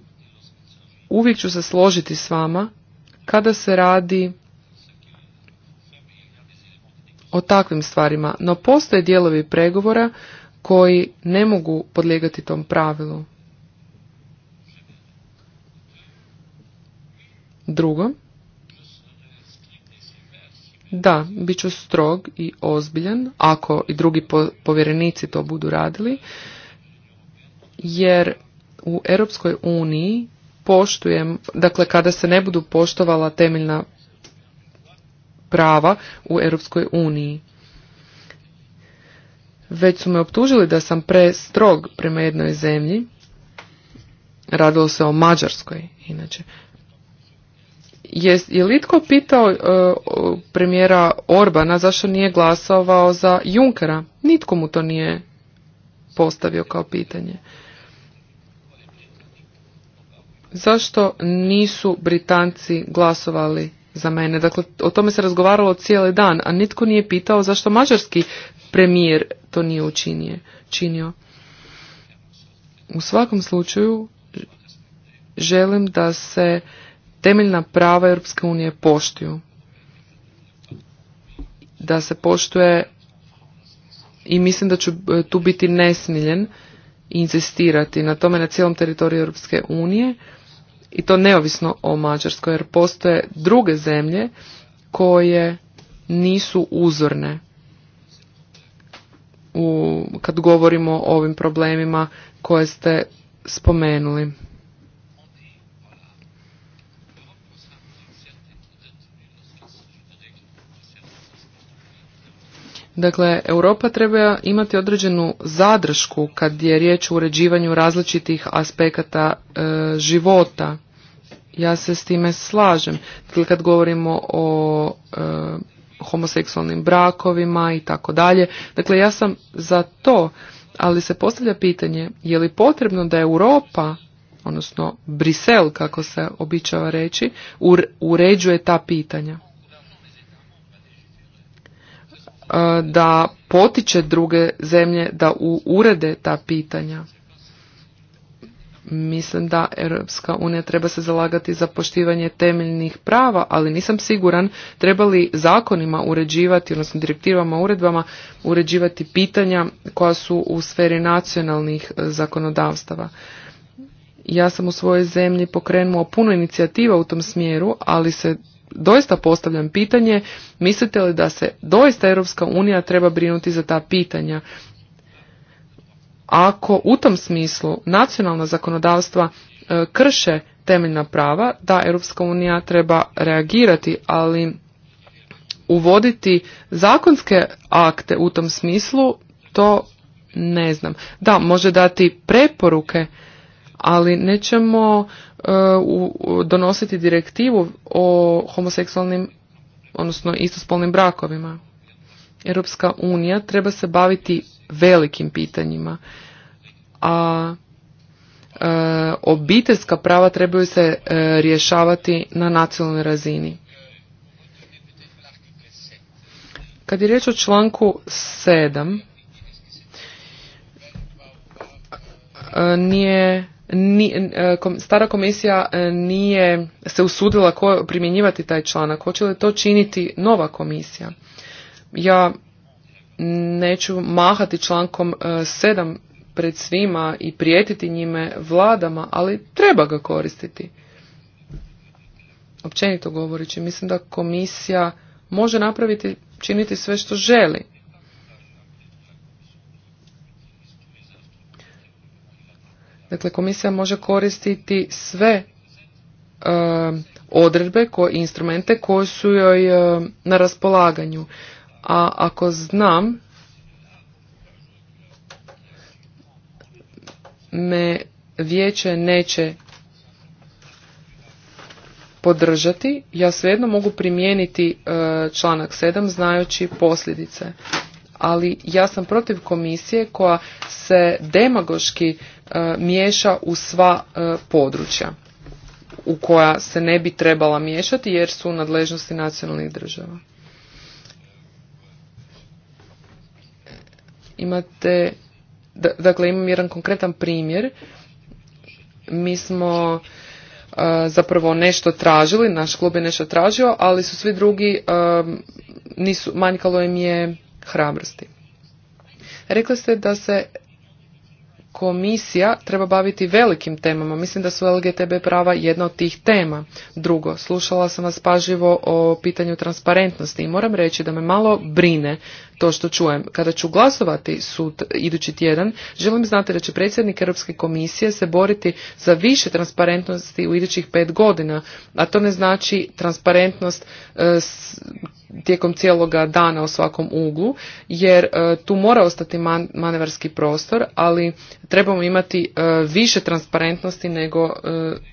uvijek ću se složiti s vama kada se radi o takvim stvarima, no postoje dijelovi pregovora koji ne mogu podlijegati tom pravilu. Drugo, da, bit ću strog i ozbiljan, ako i drugi povjerenici to budu radili, jer u Europskoj uniji poštujem, dakle kada se ne budu poštovala temeljna prava u Europskoj uniji. Već su me optužili da sam prestrog prema jednoj zemlji, radilo se o Mađarskoj inače. Je, je li tko pitao e, premijera Orbana zašto nije glasovao za Junkera? Nitko mu to nije postavio kao pitanje. Zašto nisu Britanci glasovali za mene. Dakle, o tome se razgovaralo cijeli dan, a nitko nije pitao zašto mađarski premijer to nije učinio. Činio. U svakom slučaju želim da se temeljna prava Europske unije poštuju. Da se poštuje i mislim da ću e, tu biti nesmiljen inzistirati na tome na cijelom teritoriju Europske unije i to neovisno o Mađarskoj, jer postoje druge zemlje koje nisu uzorne u, kad govorimo o ovim problemima koje ste spomenuli. Dakle, Europa treba imati određenu zadršku kad je riječ o uređivanju različitih aspekata e, života. Ja se s time slažem. Dakle, kad govorimo o e, homoseksualnim brakovima i tako dalje. Dakle, ja sam za to, ali se postavlja pitanje je li potrebno da Europa odnosno Brisel, kako se običava reći, uređuje ta pitanja. E, da potiče druge zemlje da urede ta pitanja. Mislim da Europska unija treba se zalagati za poštivanje temeljnih prava, ali nisam siguran treba li zakonima uređivati, odnosno direktivama, uredbama, uređivati pitanja koja su u sferi nacionalnih e, zakonodavstava. Ja sam u svojoj zemlji pokrenuo puno inicijativa u tom smjeru, ali se doista postavljam pitanje, mislite li da se doista Europska unija treba brinuti za ta pitanja? Ako u tom smislu nacionalna zakonodavstva e, krše temeljna prava, da Europska unija treba reagirati, ali uvoditi zakonske akte u tom smislu, to ne znam. Da, može dati preporuke, ali nećemo E, donositi direktivu o homoseksualnim, odnosno istospolnim brakovima. Europska unija treba se baviti velikim pitanjima, a e, obiteljska prava trebaju se e, rješavati na nacionalnoj razini. Kad je riječ o članku 7, e, nije E, stara komisija e, nije se usudila primjenjivati taj članak. Hoće li to činiti nova komisija? Ja neću mahati člankom e, sedam pred svima i prijetiti njime vladama, ali treba ga koristiti. Općenito govoreći, mislim da komisija može napraviti, činiti sve što želi. Dakle, komisija može koristiti sve um, odredbe i instrumente koji su joj um, na raspolaganju. A ako znam me vijeće neće podržati, ja svejedno mogu primijeniti uh, članak 7 znajući posljedice. Ali ja sam protiv komisije koja se demagoški E, miješa u sva e, područja u koja se ne bi trebala miješati jer su u nadležnosti nacionalnih država. Imate, dakle imam jedan konkretan primjer. Mi smo e, zapravo nešto tražili, naš klub je nešto tražio, ali su svi drugi, nisu, manjkalo im je hrabrosti. Rekli ste da se komisija treba baviti velikim temama. Mislim da su LGTB prava jedna od tih tema. Drugo, slušala sam vas pažljivo o pitanju transparentnosti i moram reći da me malo brine to što čujem. Kada ću glasovati sud idući tjedan, želim znati da će predsjednik Europske komisije se boriti za više transparentnosti u idućih pet godina, a to ne znači transparentnost e, s, tijekom cijeloga dana u svakom uglu, jer e, tu mora ostati manevarski prostor, ali trebamo imati e, više transparentnosti nego e,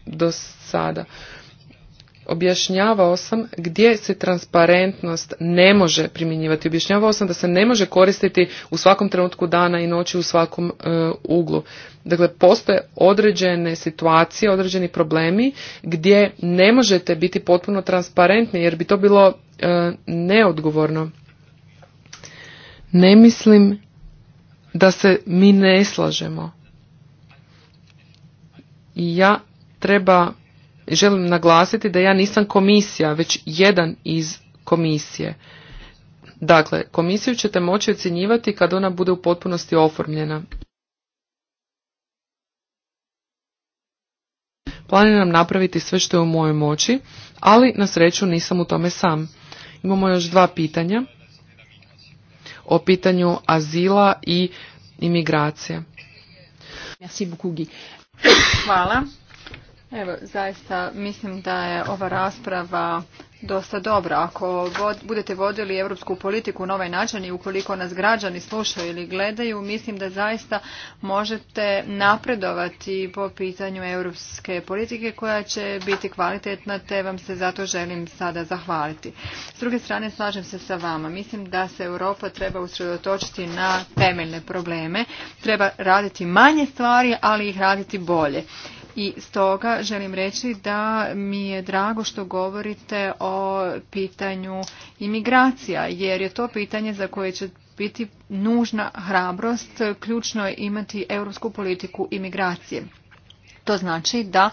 do sada. Objašnjavao sam gdje se transparentnost ne može primjenjivati. Objašnjavao sam da se ne može koristiti u svakom trenutku dana i noći u svakom e, uglu. Dakle, postoje određene situacije, određeni problemi gdje ne možete biti potpuno transparentni jer bi to bilo neodgovorno. Ne mislim da se mi ne slažemo. I Ja treba, želim naglasiti da ja nisam komisija, već jedan iz komisije. Dakle, komisiju ćete moći ocjenjivati kad ona bude u potpunosti oformljena. Planiram napraviti sve što je u mojoj moći, ali na sreću nisam u tome sam. Imamo još dva pitanja o pitanju azila i imigracije. Hvala. Evo, zaista mislim da je ova rasprava dosta dobra. Ako budete vodili europsku politiku na ovaj način i ukoliko nas građani slušaju ili gledaju, mislim da zaista možete napredovati po pitanju europske politike koja će biti kvalitetna, te vam se zato želim sada zahvaliti. S druge strane, slažem se sa vama. Mislim da se Europa treba usredotočiti na temeljne probleme. Treba raditi manje stvari, ali ih raditi bolje i stoga želim reći da mi je drago što govorite o pitanju imigracija jer je to pitanje za koje će biti nužna hrabrost, ključno je imati europsku politiku imigracije. To znači da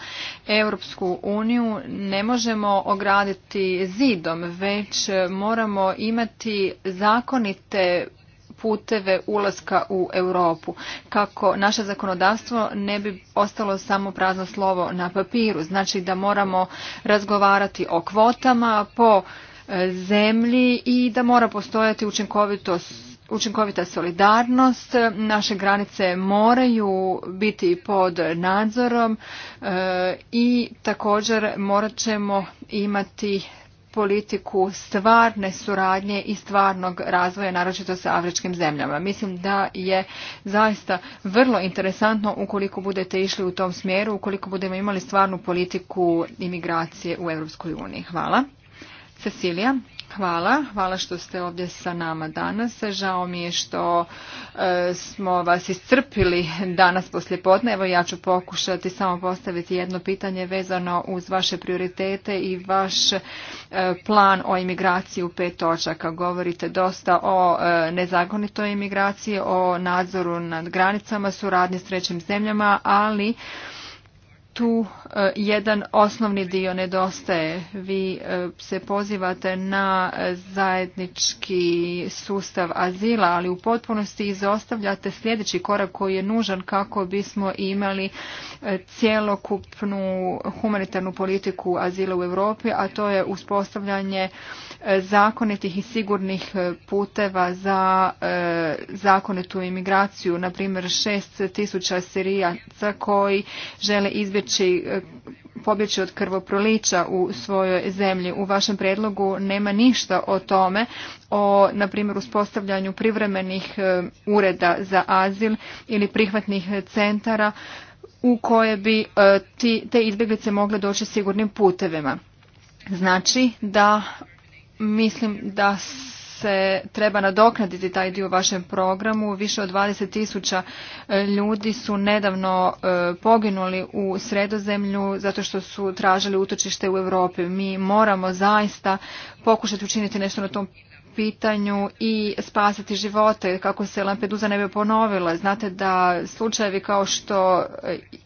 Europsku uniju ne možemo ograditi zidom, već moramo imati zakonite puteve ulaska u Europu kako naše zakonodavstvo ne bi ostalo samo prazno slovo na papiru znači da moramo razgovarati o kvotama po e, zemlji i da mora postojati učinkovitost učinkovita solidarnost, naše granice moraju biti pod nadzorom e, i također morat ćemo imati politiku stvarne suradnje i stvarnog razvoja, naročito sa afričkim zemljama. Mislim da je zaista vrlo interesantno ukoliko budete išli u tom smjeru, ukoliko budemo imali stvarnu politiku imigracije u Europskoj uniji. Hvala. Cecilija. Hvala, hvala što ste ovdje sa nama danas. Žao mi je što e, smo vas iscrpili danas poslijepodne. Evo ja ću pokušati samo postaviti jedno pitanje vezano uz vaše prioritete i vaš e, plan o imigraciji u pet točaka. Govorite dosta o e, nezakonitoj imigraciji, o nadzoru nad granicama, suradnje s trećim zemljama, ali tu e, jedan osnovni dio nedostaje. Vi e, se pozivate na zajednički sustav azila, ali u potpunosti izostavljate sljedeći korak koji je nužan kako bismo imali e, cjelokupnu humanitarnu politiku azila u Europi, a to je uspostavljanje zakonitih i sigurnih puteva za zakonitu imigraciju, na primjer tisuća Sirijaca koji žele izbjeći pobjeći e, pobjeći od krvoprolića u svojoj zemlji. U vašem predlogu nema ništa o tome, o, na primjer, uspostavljanju privremenih e, ureda za azil ili prihvatnih centara u koje bi e, te izbjeglice mogle doći sigurnim putevima. Znači da mislim da se treba nadoknaditi taj dio u vašem programu. Više od 20 tisuća e, ljudi su nedavno e, poginuli u sredozemlju zato što su tražili utočište u Europi. Mi moramo zaista pokušati učiniti nešto na tom pitanju i spasiti živote kako se Lampedusa ne bi ponovila. Znate da slučajevi kao što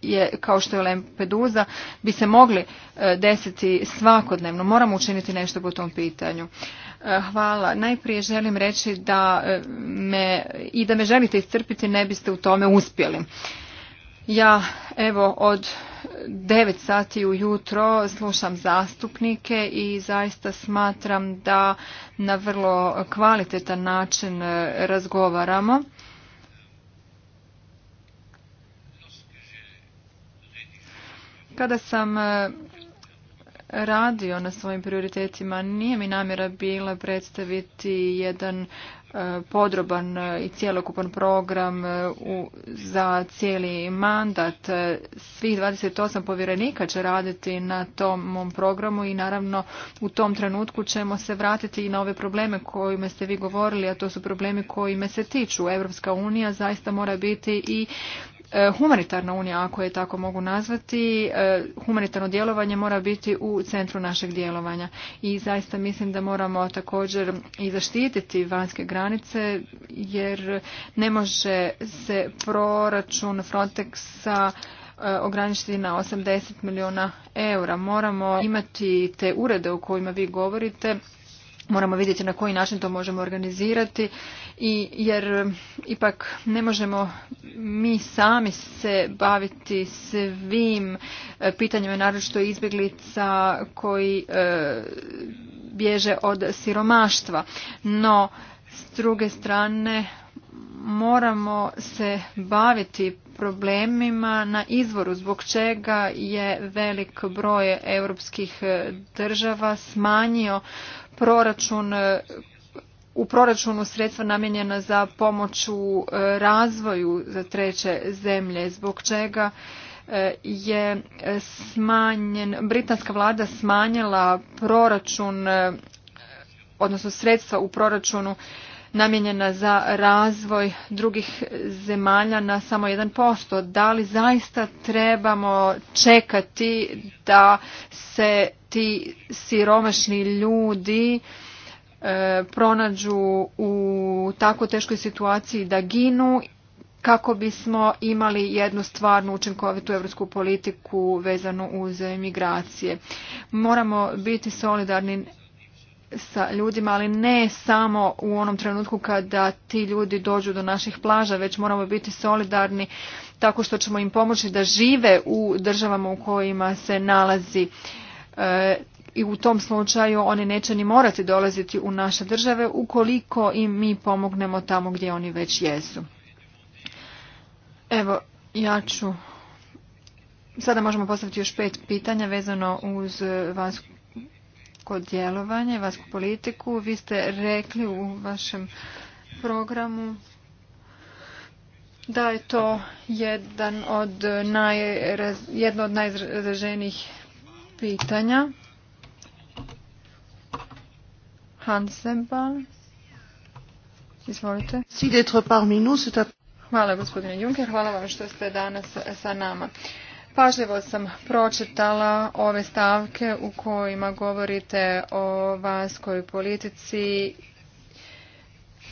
je, kao što je Lampedusa bi se mogli e, desiti svakodnevno. Moramo učiniti nešto po tom pitanju. E, hvala. Najprije želim reći da e, me i da me želite iscrpiti ne biste u tome uspjeli. Ja evo od 9 sati ujutro slušam zastupnike i zaista smatram da na vrlo kvalitetan način e, razgovaramo. Kada sam radio na svojim prioritetima. Nije mi namjera bila predstaviti jedan e, podroban e, i cjelokupan program e, za cijeli mandat. Svih 28 povjerenika će raditi na tom mom programu i naravno u tom trenutku ćemo se vratiti i na ove probleme kojima ste vi govorili, a to su problemi kojime se tiču. Europska unija zaista mora biti i E, humanitarna unija, ako je tako mogu nazvati, e, humanitarno djelovanje mora biti u centru našeg djelovanja. I zaista mislim da moramo također i zaštititi vanjske granice, jer ne može se proračun Frontexa e, ograničiti na 80 milijuna eura. Moramo imati te urede o kojima vi govorite, moramo vidjeti na koji način to možemo organizirati i jer e, ipak ne možemo mi sami se baviti svim e, pitanjima naročito izbjeglica koji e, bježe od siromaštva no s druge strane moramo se baviti problemima na izvoru zbog čega je velik broj europskih država smanjio proračun e, u proračunu sredstva namijenjena za pomoć u e, razvoju za treće zemlje, zbog čega e, je smanjen, britanska vlada smanjila proračun, odnosno sredstva u proračunu namijenjena za razvoj drugih zemalja na samo 1%. Da li zaista trebamo čekati da se ti siromašni ljudi e, pronađu u tako teškoj situaciji da ginu kako bismo imali jednu stvarnu učinkovitu europsku politiku vezanu uz migracije. Moramo biti solidarni sa ljudima, ali ne samo u onom trenutku kada ti ljudi dođu do naših plaža, već moramo biti solidarni tako što ćemo im pomoći da žive u državama u kojima se nalazi E, i u tom slučaju oni neće ni morati dolaziti u naše države ukoliko im mi pomognemo tamo gdje oni već jesu. Evo, ja ću... Sada možemo postaviti još pet pitanja vezano uz kod djelovanje, vasku politiku. Vi ste rekli u vašem programu da je to jedan od naj, jedno od najizraženijih pitanja. Hansenbal. Izvolite. Hvala gospodine Juncker, hvala vam što ste danas sa nama. Pažljivo sam pročitala ove stavke u kojima govorite o vaskoj politici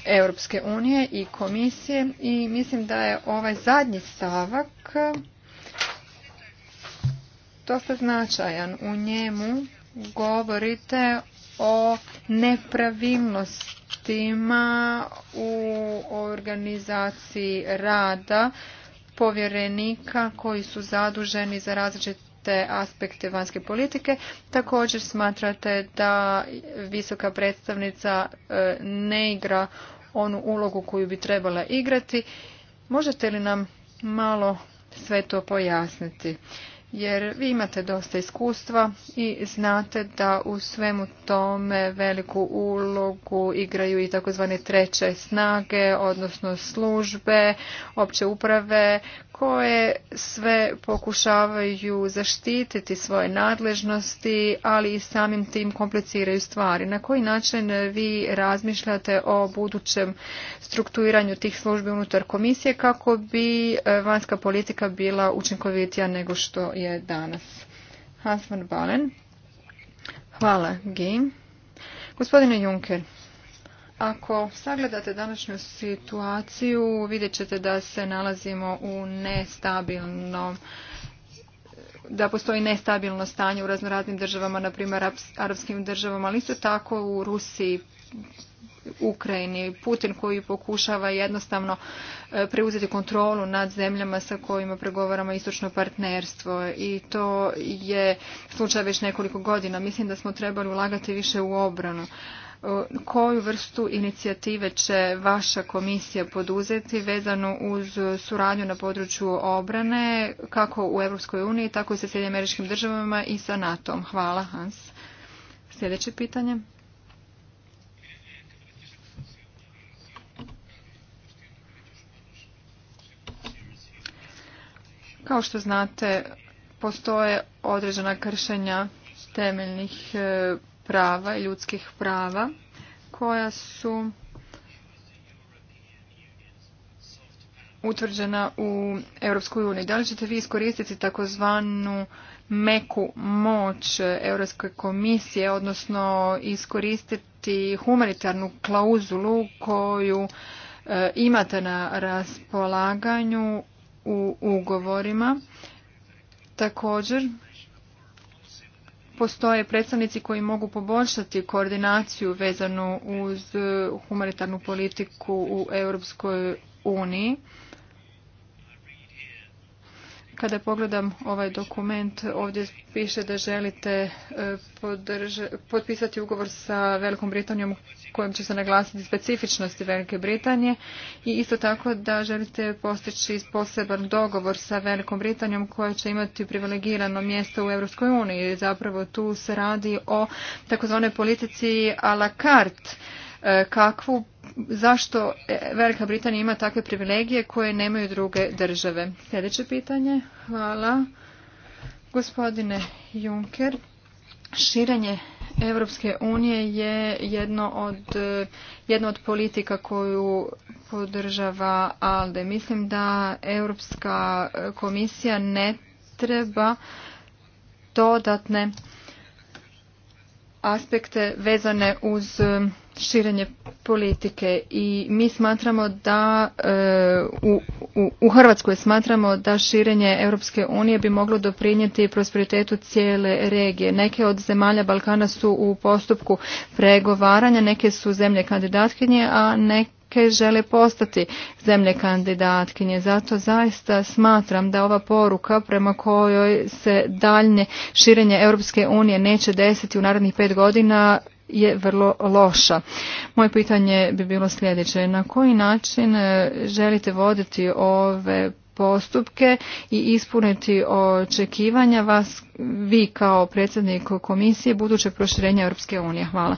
Europske unije i komisije i mislim da je ovaj zadnji stavak dosta značajan. U njemu govorite o nepravilnostima u organizaciji rada povjerenika koji su zaduženi za različite aspekte vanjske politike. Također smatrate da visoka predstavnica e, ne igra onu ulogu koju bi trebala igrati. Možete li nam malo sve to pojasniti? jer vi imate dosta iskustva i znate da u svemu tome veliku ulogu igraju i takozvane treće snage, odnosno službe, opće uprave koje sve pokušavaju zaštititi svoje nadležnosti, ali i samim tim kompliciraju stvari. Na koji način vi razmišljate o budućem strukturiranju tih službi unutar komisije kako bi e, vanjska politika bila učinkovitija nego što je danas? Hans Hvala, Gim. Gospodine Juncker, ako sagledate današnju situaciju, vidjet ćete da se nalazimo u nestabilnom da postoji nestabilno stanje u raznoraznim državama, na primjer arapskim državama, ali isto tako u Rusiji, Ukrajini, Putin koji pokušava jednostavno e, preuzeti kontrolu nad zemljama sa kojima pregovaramo istočno partnerstvo i to je slučaj već nekoliko godina. Mislim da smo trebali ulagati više u obranu koju vrstu inicijative će vaša komisija poduzeti vezano uz suradnju na području obrane kako u Europskoj uniji, tako i sa Sjedinim američkim državama i sa NATO-om. Hvala, Hans. Sljedeće pitanje. Kao što znate, postoje određena kršenja temeljnih e, prava i ljudskih prava koja su utvrđena u Europskoj uniji. Da li ćete vi iskoristiti takozvanu meku moć Europske komisije, odnosno iskoristiti humanitarnu klauzulu koju e, imate na raspolaganju u ugovorima? Također, postoje predstavnici koji mogu poboljšati koordinaciju vezanu uz e, humanitarnu politiku u Europskoj uniji. Kada pogledam ovaj dokument, ovdje piše da želite e, potpisati ugovor sa Velikom Britanijom kojim će se naglasiti specifičnosti Velike Britanije i isto tako da želite postići poseban dogovor sa Velikom Britanijom koja će imati privilegirano mjesto u Europskoj uniji. Zapravo tu se radi o takozvanoj politici a la carte e, kakvu, zašto Velika Britanija ima takve privilegije koje nemaju druge države. Sljedeće pitanje. Hvala. Gospodine Juncker, širenje Europske unije je jedno od, jedna od politika koju podržava ALDE. Mislim da Europska komisija ne treba dodatne aspekte vezane uz širenje politike i mi smatramo da e, u, Hrvatskoj smatramo da širenje Europske unije bi moglo doprinijeti prosperitetu cijele regije. Neke od zemalja Balkana su u postupku pregovaranja, neke su zemlje kandidatkinje, a neke žele postati zemlje kandidatkinje. Zato zaista smatram da ova poruka prema kojoj se daljnje širenje Europske unije neće desiti u narednih pet godina je vrlo loša. Moje pitanje bi bilo sljedeće. Na koji način e, želite voditi ove postupke i ispuniti očekivanja vas, vi kao predsjednik komisije budućeg proširenja Europske unije? Hvala.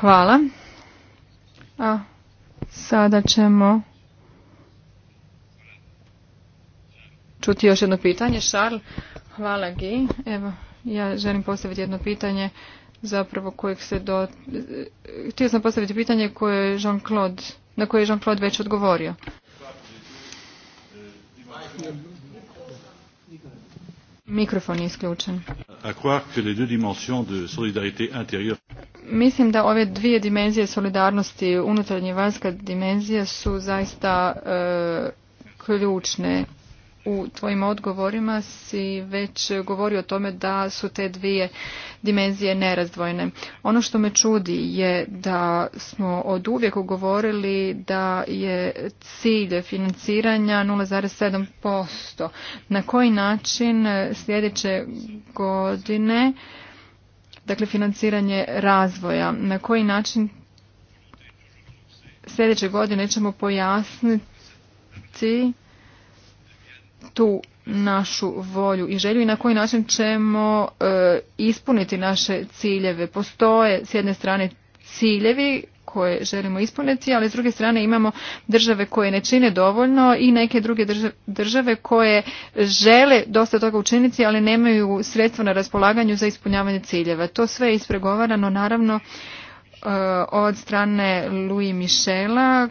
Hvala. A sada ćemo čuti još jedno pitanje. Šarl, hvala Evo, ja želim postaviti jedno pitanje zapravo kojeg se do... Htio sam postaviti pitanje koje Jean -Claude, na koje je Jean-Claude već odgovorio. Mikrofon je isključen. Mislim da ove dvije dimenzije solidarnosti, unutarnje i vanjska dimenzija su zaista e, ključne u tvojim odgovorima si već govorio o tome da su te dvije dimenzije nerazdvojne. Ono što me čudi je da smo od uvijek ugovorili da je cilj financiranja 0,7%. Na koji način sljedeće godine dakle financiranje razvoja, na koji način sljedeće godine ćemo pojasniti tu našu volju i želju i na koji način ćemo e, ispuniti naše ciljeve. Postoje s jedne strane ciljevi koje želimo ispuniti, ali s druge strane imamo države koje ne čine dovoljno i neke druge države koje žele dosta toga učiniti, ali nemaju sredstva na raspolaganju za ispunjavanje ciljeva. To sve je ispregovarano naravno e, od strane Louis Michela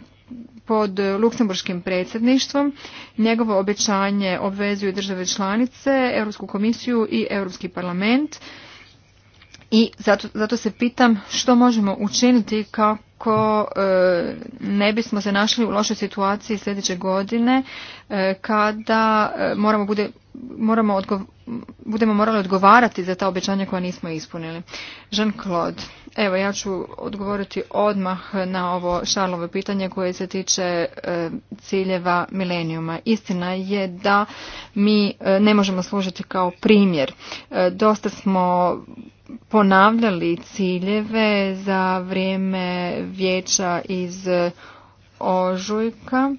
pod luksemburškim predsjedništvom. Njegovo obećanje obvezuju države članice, Europsku komisiju i Europski parlament. I zato, zato se pitam što možemo učiniti kako e, ne bismo se našli u lošoj situaciji sljedeće godine e, kada e, moramo bude, moramo budemo morali odgovarati za ta obećanja koja nismo ispunili. Jean Claude Evo, ja ću odgovoriti odmah na ovo Šarlovo pitanje koje se tiče e, ciljeva milenijuma. Istina je da mi e, ne možemo služiti kao primjer. E, dosta smo ponavljali ciljeve za vrijeme vijeća iz ožujka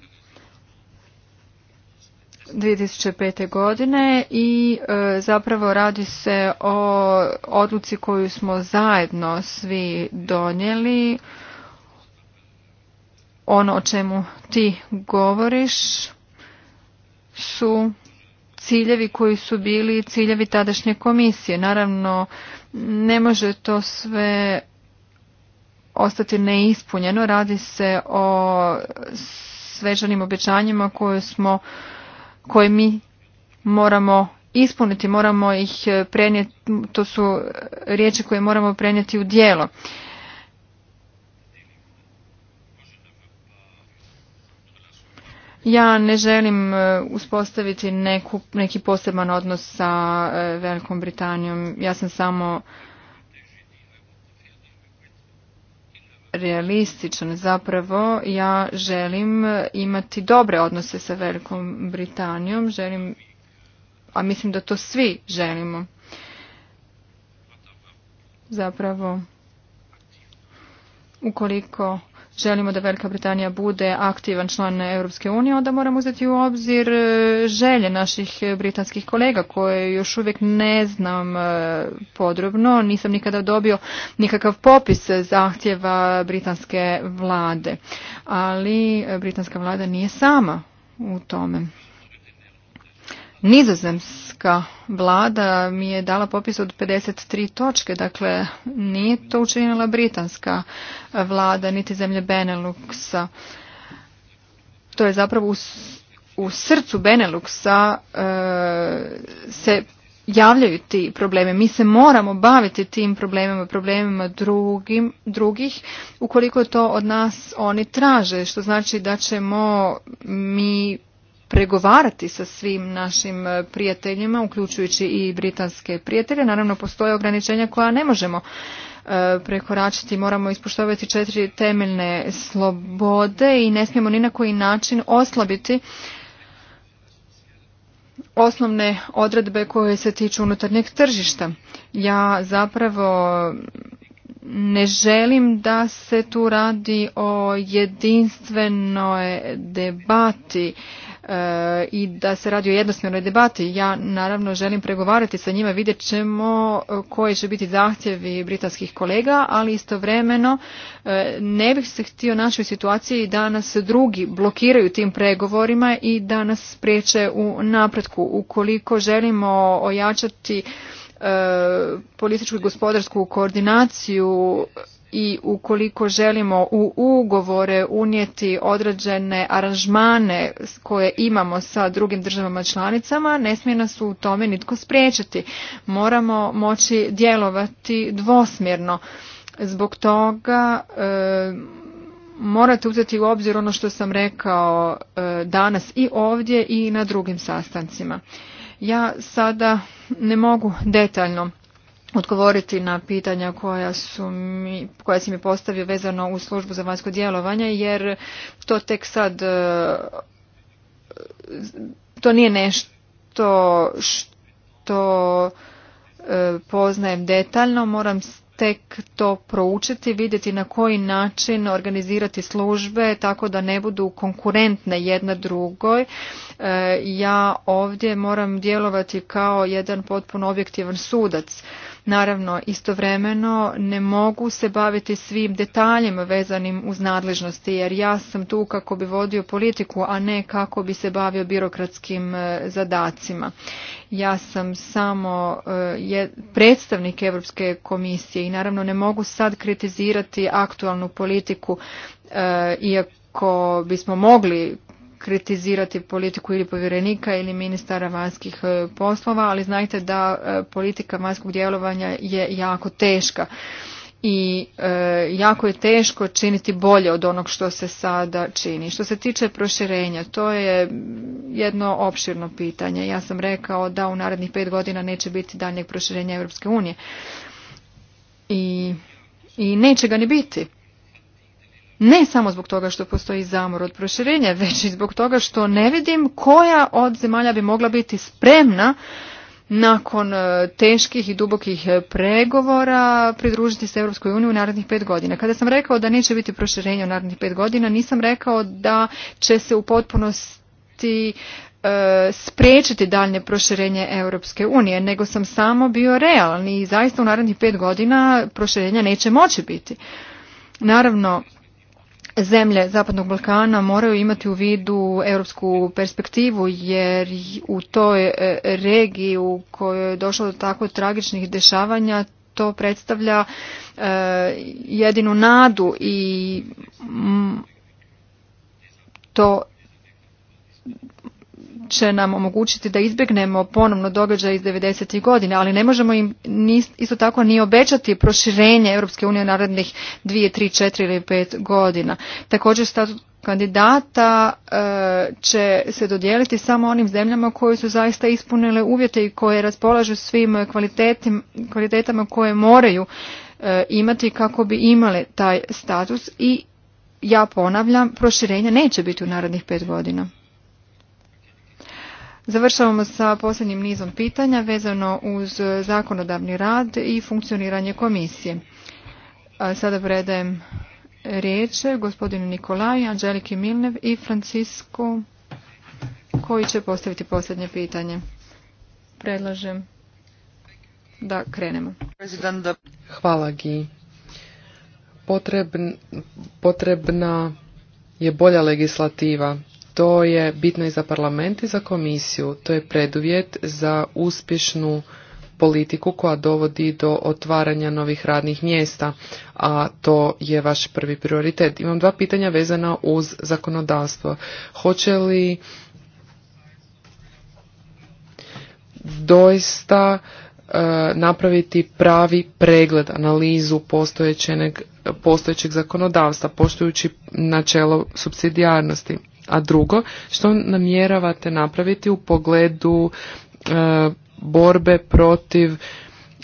2005. godine i e, zapravo radi se o odluci koju smo zajedno svi donijeli. Ono o čemu ti govoriš su ciljevi koji su bili ciljevi tadašnje komisije. Naravno, ne može to sve ostati neispunjeno. Radi se o svežanim obećanjima koje smo koje mi moramo ispuniti, moramo ih eh, prenijeti, to su eh, riječi koje moramo prenijeti u dijelo. Ja ne želim eh, uspostaviti neku, neki poseban odnos sa Velikom Britanijom. Ja sam samo realističan. Zapravo ja želim imati dobre odnose sa Velikom Britanijom, želim, a mislim da to svi želimo. Zapravo, ukoliko želimo da Velika Britanija bude aktivan član Europske unije, onda moramo uzeti u obzir e, želje naših britanskih kolega koje još uvijek ne znam e, podrobno. Nisam nikada dobio nikakav popis zahtjeva britanske vlade, ali britanska vlada nije sama u tome. Nizozemska vlada mi je dala popis od 53 točke, dakle nije to učinila britanska vlada niti zemlje Beneluxa. To je zapravo u, srcu Beneluxa e, se javljaju ti problemi. Mi se moramo baviti tim problemima, problemima drugim, drugih, ukoliko to od nas oni traže, što znači da ćemo mi pregovarati sa svim našim e, prijateljima, uključujući i britanske prijatelje. Naravno, postoje ograničenja koja ne možemo e, prekoračiti. Moramo ispoštovati četiri temeljne slobode i ne smijemo ni na koji način oslabiti osnovne odredbe koje se tiču unutarnjeg tržišta. Ja zapravo ne želim da se tu radi o jedinstvenoj debati i da se radi o jednosmjernoj debati. Ja naravno želim pregovarati sa njima, vidjet ćemo e, koji će biti zahtjevi britanskih kolega, ali istovremeno e, ne bih se htio našoj situaciji da nas drugi blokiraju tim pregovorima i da nas spriječe u napretku. Ukoliko želimo ojačati e, političku i gospodarsku koordinaciju i ukoliko želimo u ugovore unijeti određene aranžmane koje imamo sa drugim državama članicama, ne smije nas u tome nitko spriječiti. Moramo moći djelovati dvosmjerno. Zbog toga e, morate uzeti u obzir ono što sam rekao e, danas i ovdje i na drugim sastancima. Ja sada ne mogu detaljno odgovoriti na pitanja koja, su mi, koja si mi postavio vezano u službu za vanjsko djelovanje, jer to tek sad, e, to nije nešto što e, poznajem detaljno, moram tek to proučiti, vidjeti na koji način organizirati službe tako da ne budu konkurentne jedna drugoj. E, ja ovdje moram djelovati kao jedan potpuno objektivan sudac Naravno, istovremeno ne mogu se baviti svim detaljima vezanim uz nadležnosti, jer ja sam tu kako bi vodio politiku, a ne kako bi se bavio birokratskim e, zadacima. Ja sam samo e, predstavnik Europske komisije i naravno ne mogu sad kritizirati aktualnu politiku, e, iako bismo mogli kritizirati politiku ili povjerenika ili ministara vanjskih e, poslova, ali znajte da e, politika vanjskog djelovanja je jako teška i e, jako je teško činiti bolje od onog što se sada čini. Što se tiče proširenja, to je jedno opširno pitanje. Ja sam rekao da u narednih pet godina neće biti daljnjeg proširenja Europske unije i, i neće ga ni biti ne samo zbog toga što postoji zamor od proširenja, već i zbog toga što ne vidim koja od zemalja bi mogla biti spremna nakon e, teških i dubokih e, pregovora pridružiti se Europskoj uniji u narednih pet godina. Kada sam rekao da neće biti proširenja u narednih pet godina, nisam rekao da će se u potpunosti e, spriječiti daljnje proširenje Europske unije, nego sam samo bio realan i zaista u narednih pet godina proširenja neće moći biti. Naravno, zemlje Zapadnog Balkana moraju imati u vidu europsku perspektivu jer u toj e, regiji u kojoj je došlo do tako tragičnih dešavanja to predstavlja e, jedinu nadu i to će nam omogućiti da izbjegnemo ponovno događaj iz 90. godine, ali ne možemo im isto tako ni obećati proširenje Europske unije narednih 2, 3, 4 ili 5 godina. Također status kandidata e, će se dodijeliti samo onim zemljama koje su zaista ispunile uvjete i koje raspolažu svim kvalitetama koje moraju e, imati kako bi imale taj status i ja ponavljam, proširenja neće biti u narednih pet godina. Završavamo sa posljednjim nizom pitanja vezano uz zakonodavni rad i funkcioniranje komisije. Sada predajem riječ gospodinu Nikolaju, Anđeliki Milnev i Francisku koji će postaviti posljednje pitanje. Predlažem da krenemo. Hvala Gi. potrebna je bolja legislativa to je bitno i za parlament i za komisiju. To je preduvjet za uspješnu politiku koja dovodi do otvaranja novih radnih mjesta, a to je vaš prvi prioritet. Imam dva pitanja vezana uz zakonodavstvo. Hoće li doista e, napraviti pravi pregled, analizu postojećeg, postojećeg zakonodavstva, poštujući načelo subsidijarnosti? A drugo, što namjeravate napraviti u pogledu e, borbe protiv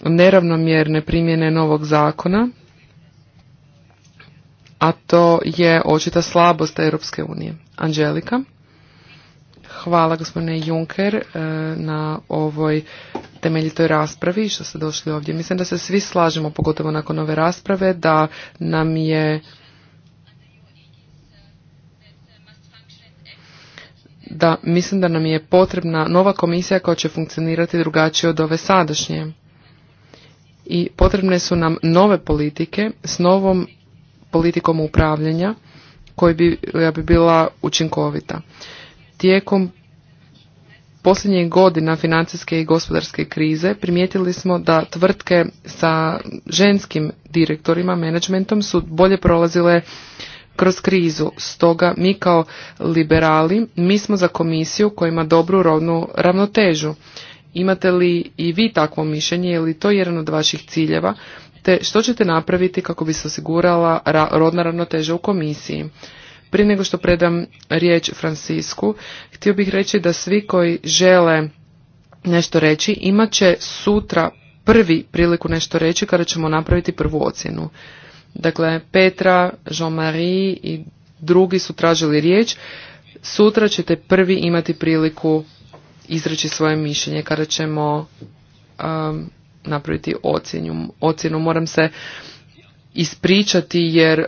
neravnomjerne primjene novog zakona, a to je očita slabost Europske unije. Anđelika, hvala gospodine Juncker e, na ovoj temeljitoj raspravi što ste došli ovdje. Mislim da se svi slažemo, pogotovo nakon ove rasprave, da nam je da mislim da nam je potrebna nova komisija koja će funkcionirati drugačije od ove sadašnje. I potrebne su nam nove politike s novom politikom upravljanja koja bi, ja bi bila učinkovita. Tijekom posljednjih godina financijske i gospodarske krize primijetili smo da tvrtke sa ženskim direktorima, menadžmentom su bolje prolazile kroz krizu. Stoga mi kao liberali, mi smo za komisiju koja ima dobru rovnu ravnotežu. Imate li i vi takvo mišljenje, ili li to jedan od vaših ciljeva, te što ćete napraviti kako bi se osigurala rodna ravnoteža u komisiji? Prije nego što predam riječ Francisku, htio bih reći da svi koji žele nešto reći imat će sutra prvi priliku nešto reći kada ćemo napraviti prvu ocjenu. Dakle, Petra, Jean-Marie i drugi su tražili riječ. Sutra ćete prvi imati priliku izreći svoje mišljenje kada ćemo um, napraviti ocjenju, ocjenu. Moram se ispričati jer uh,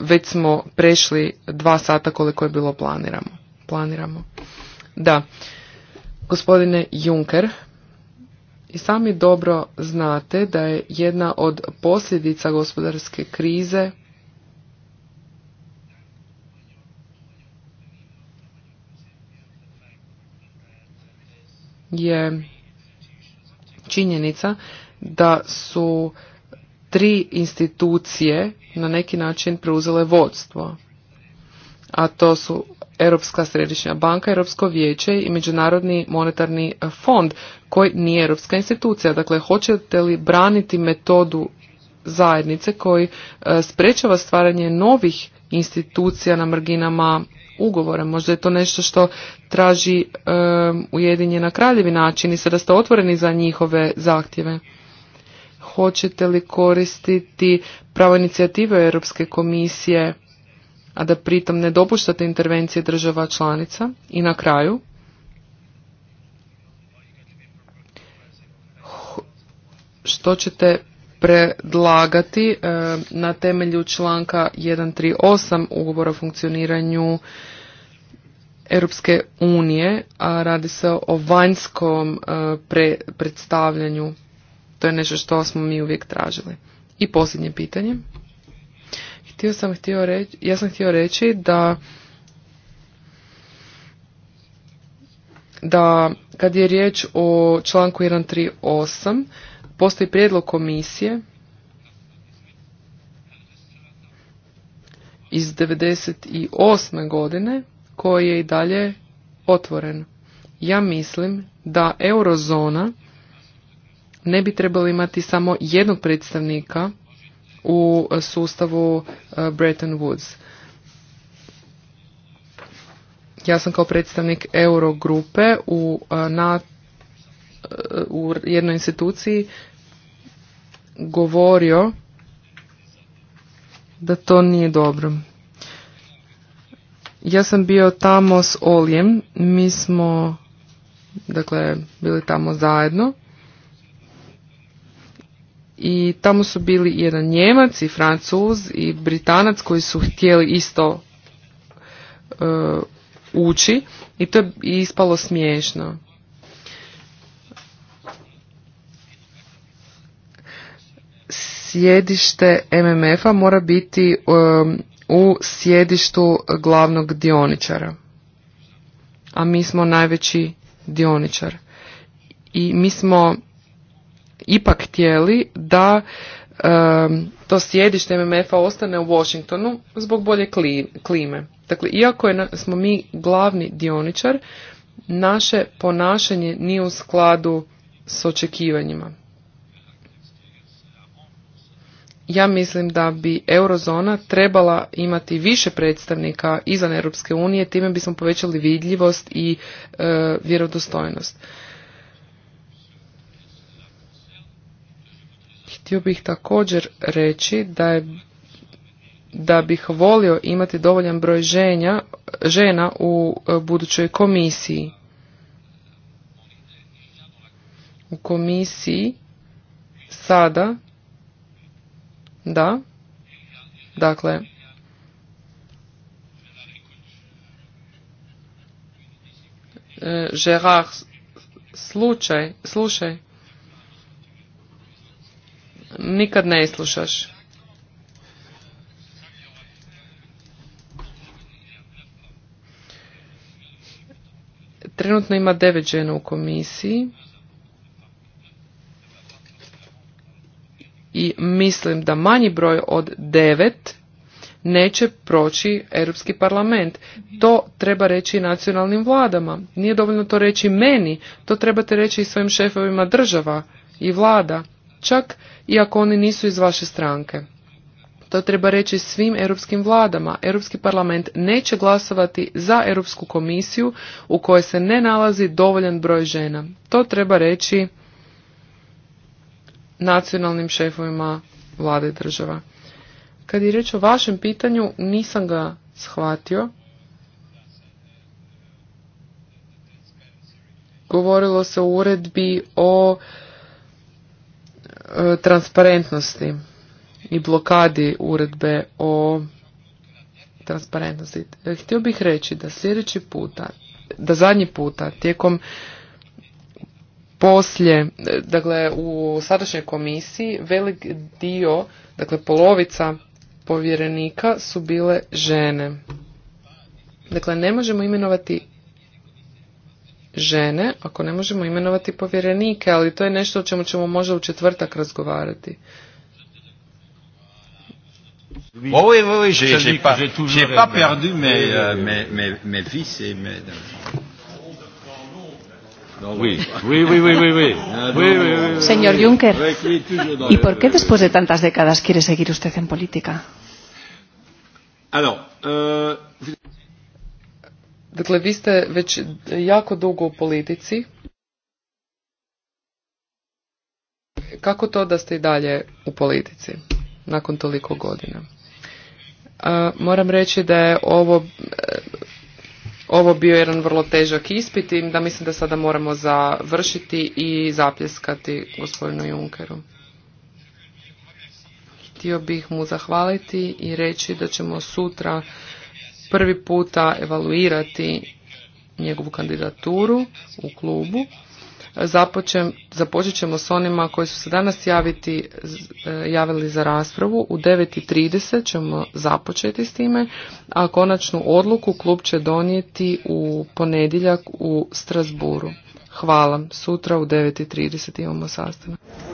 već smo prešli dva sata koliko je bilo planiramo. planiramo. Da, gospodine Juncker, i sami dobro znate da je jedna od posljedica gospodarske krize je činjenica da su tri institucije na neki način preuzele vodstvo, a to su Europska središnja banka, Europsko vijeće i Međunarodni monetarni e, fond koji nije europska institucija. Dakle, hoćete li braniti metodu zajednice koji e, sprečava stvaranje novih institucija na marginama ugovora. Možda je to nešto što traži um, Ujedinjena način i se da ste otvoreni za njihove zahtjeve. Hoćete li koristiti pravo inicijative Europske komisije a da pritom ne dopuštate intervencije država članica. I na kraju, što ćete predlagati e, na temelju članka 138 ugovora o funkcioniranju Europske unije, a radi se o vanjskom e, predstavljanju. To je nešto što smo mi uvijek tražili. I posljednje pitanje. Htio sam htio reći, ja sam htio reći da da kad je riječ o članku 138 postoji prijedlog komisije iz 98. godine koji je i dalje otvoren. Ja mislim da eurozona ne bi trebala imati samo jednog predstavnika u sustavu uh, Bretton Woods. Ja sam kao predstavnik Eurogrupe u, uh, na, uh, u jednoj instituciji govorio da to nije dobro. Ja sam bio tamo s Oljem, mi smo dakle bili tamo zajedno i tamo su bili jedan Njemac i Francuz i Britanac koji su htjeli isto e, ući i to je ispalo smiješno. Sjedište MMF-a mora biti e, u sjedištu glavnog dioničara. A mi smo najveći dioničar. I mi smo ipak htjeli da to sjedište MMF-a ostane u Washingtonu zbog bolje klime. Dakle, iako je, smo mi glavni dioničar, naše ponašanje nije u skladu s očekivanjima. Ja mislim da bi eurozona trebala imati više predstavnika izvan Europske unije, time bismo povećali vidljivost i eh, vjerodostojnost. Htio bih također reći da je da bih volio imati dovoljan broj žena u e, budućoj komisiji. U komisiji sada da dakle e, Gerard slučaj, slušaj nikad ne slušaš. Trenutno ima devet žena u komisiji i mislim da manji broj od devet neće proći Europski parlament. To treba reći i nacionalnim vladama. Nije dovoljno to reći meni, to trebate reći i svojim šefovima država i vlada čak i ako oni nisu iz vaše stranke. To treba reći svim europskim vladama. Europski parlament neće glasovati za Europsku komisiju u kojoj se ne nalazi dovoljan broj žena. To treba reći nacionalnim šefovima vlade država. Kad je reč o vašem pitanju, nisam ga shvatio. Govorilo se o uredbi o E, transparentnosti i blokadi uredbe o transparentnosti. E, htio bih reći da sljedeći puta, da zadnji puta tijekom poslije, e, dakle u sadašnjoj komisiji velik dio, dakle polovica povjerenika su bile žene. Dakle, ne možemo imenovati žene, ako ne možemo imenovati povjerenike, ali to je nešto o čemu ćemo možda u četvrtak razgovarati. Oui, oh, oui, oui, j'ai pas, pas perdu mes, euh, euh, mes, mes, mes fils et mes... Oui, oui, oui, oui, oui, oui. Ah, oui, Señor Juncker, ¿y por qué después de tantas décadas quiere seguir usted en política? Alors, euh... Dakle, vi ste već jako dugo u politici. Kako to da ste i dalje u politici nakon toliko godina? Moram reći da je ovo, e, ovo bio jedan vrlo težak ispit i da mislim da sada moramo završiti i zapljeskati gospodinu Junkeru. Htio bih mu zahvaliti i reći da ćemo sutra prvi puta evaluirati njegovu kandidaturu u klubu. Započem, započet ćemo s onima koji su se danas javiti, e, javili za raspravu. U 9.30 ćemo započeti s time, a konačnu odluku klub će donijeti u ponedjeljak u Strasburu. Hvala. Sutra u 9.30 imamo sastanak.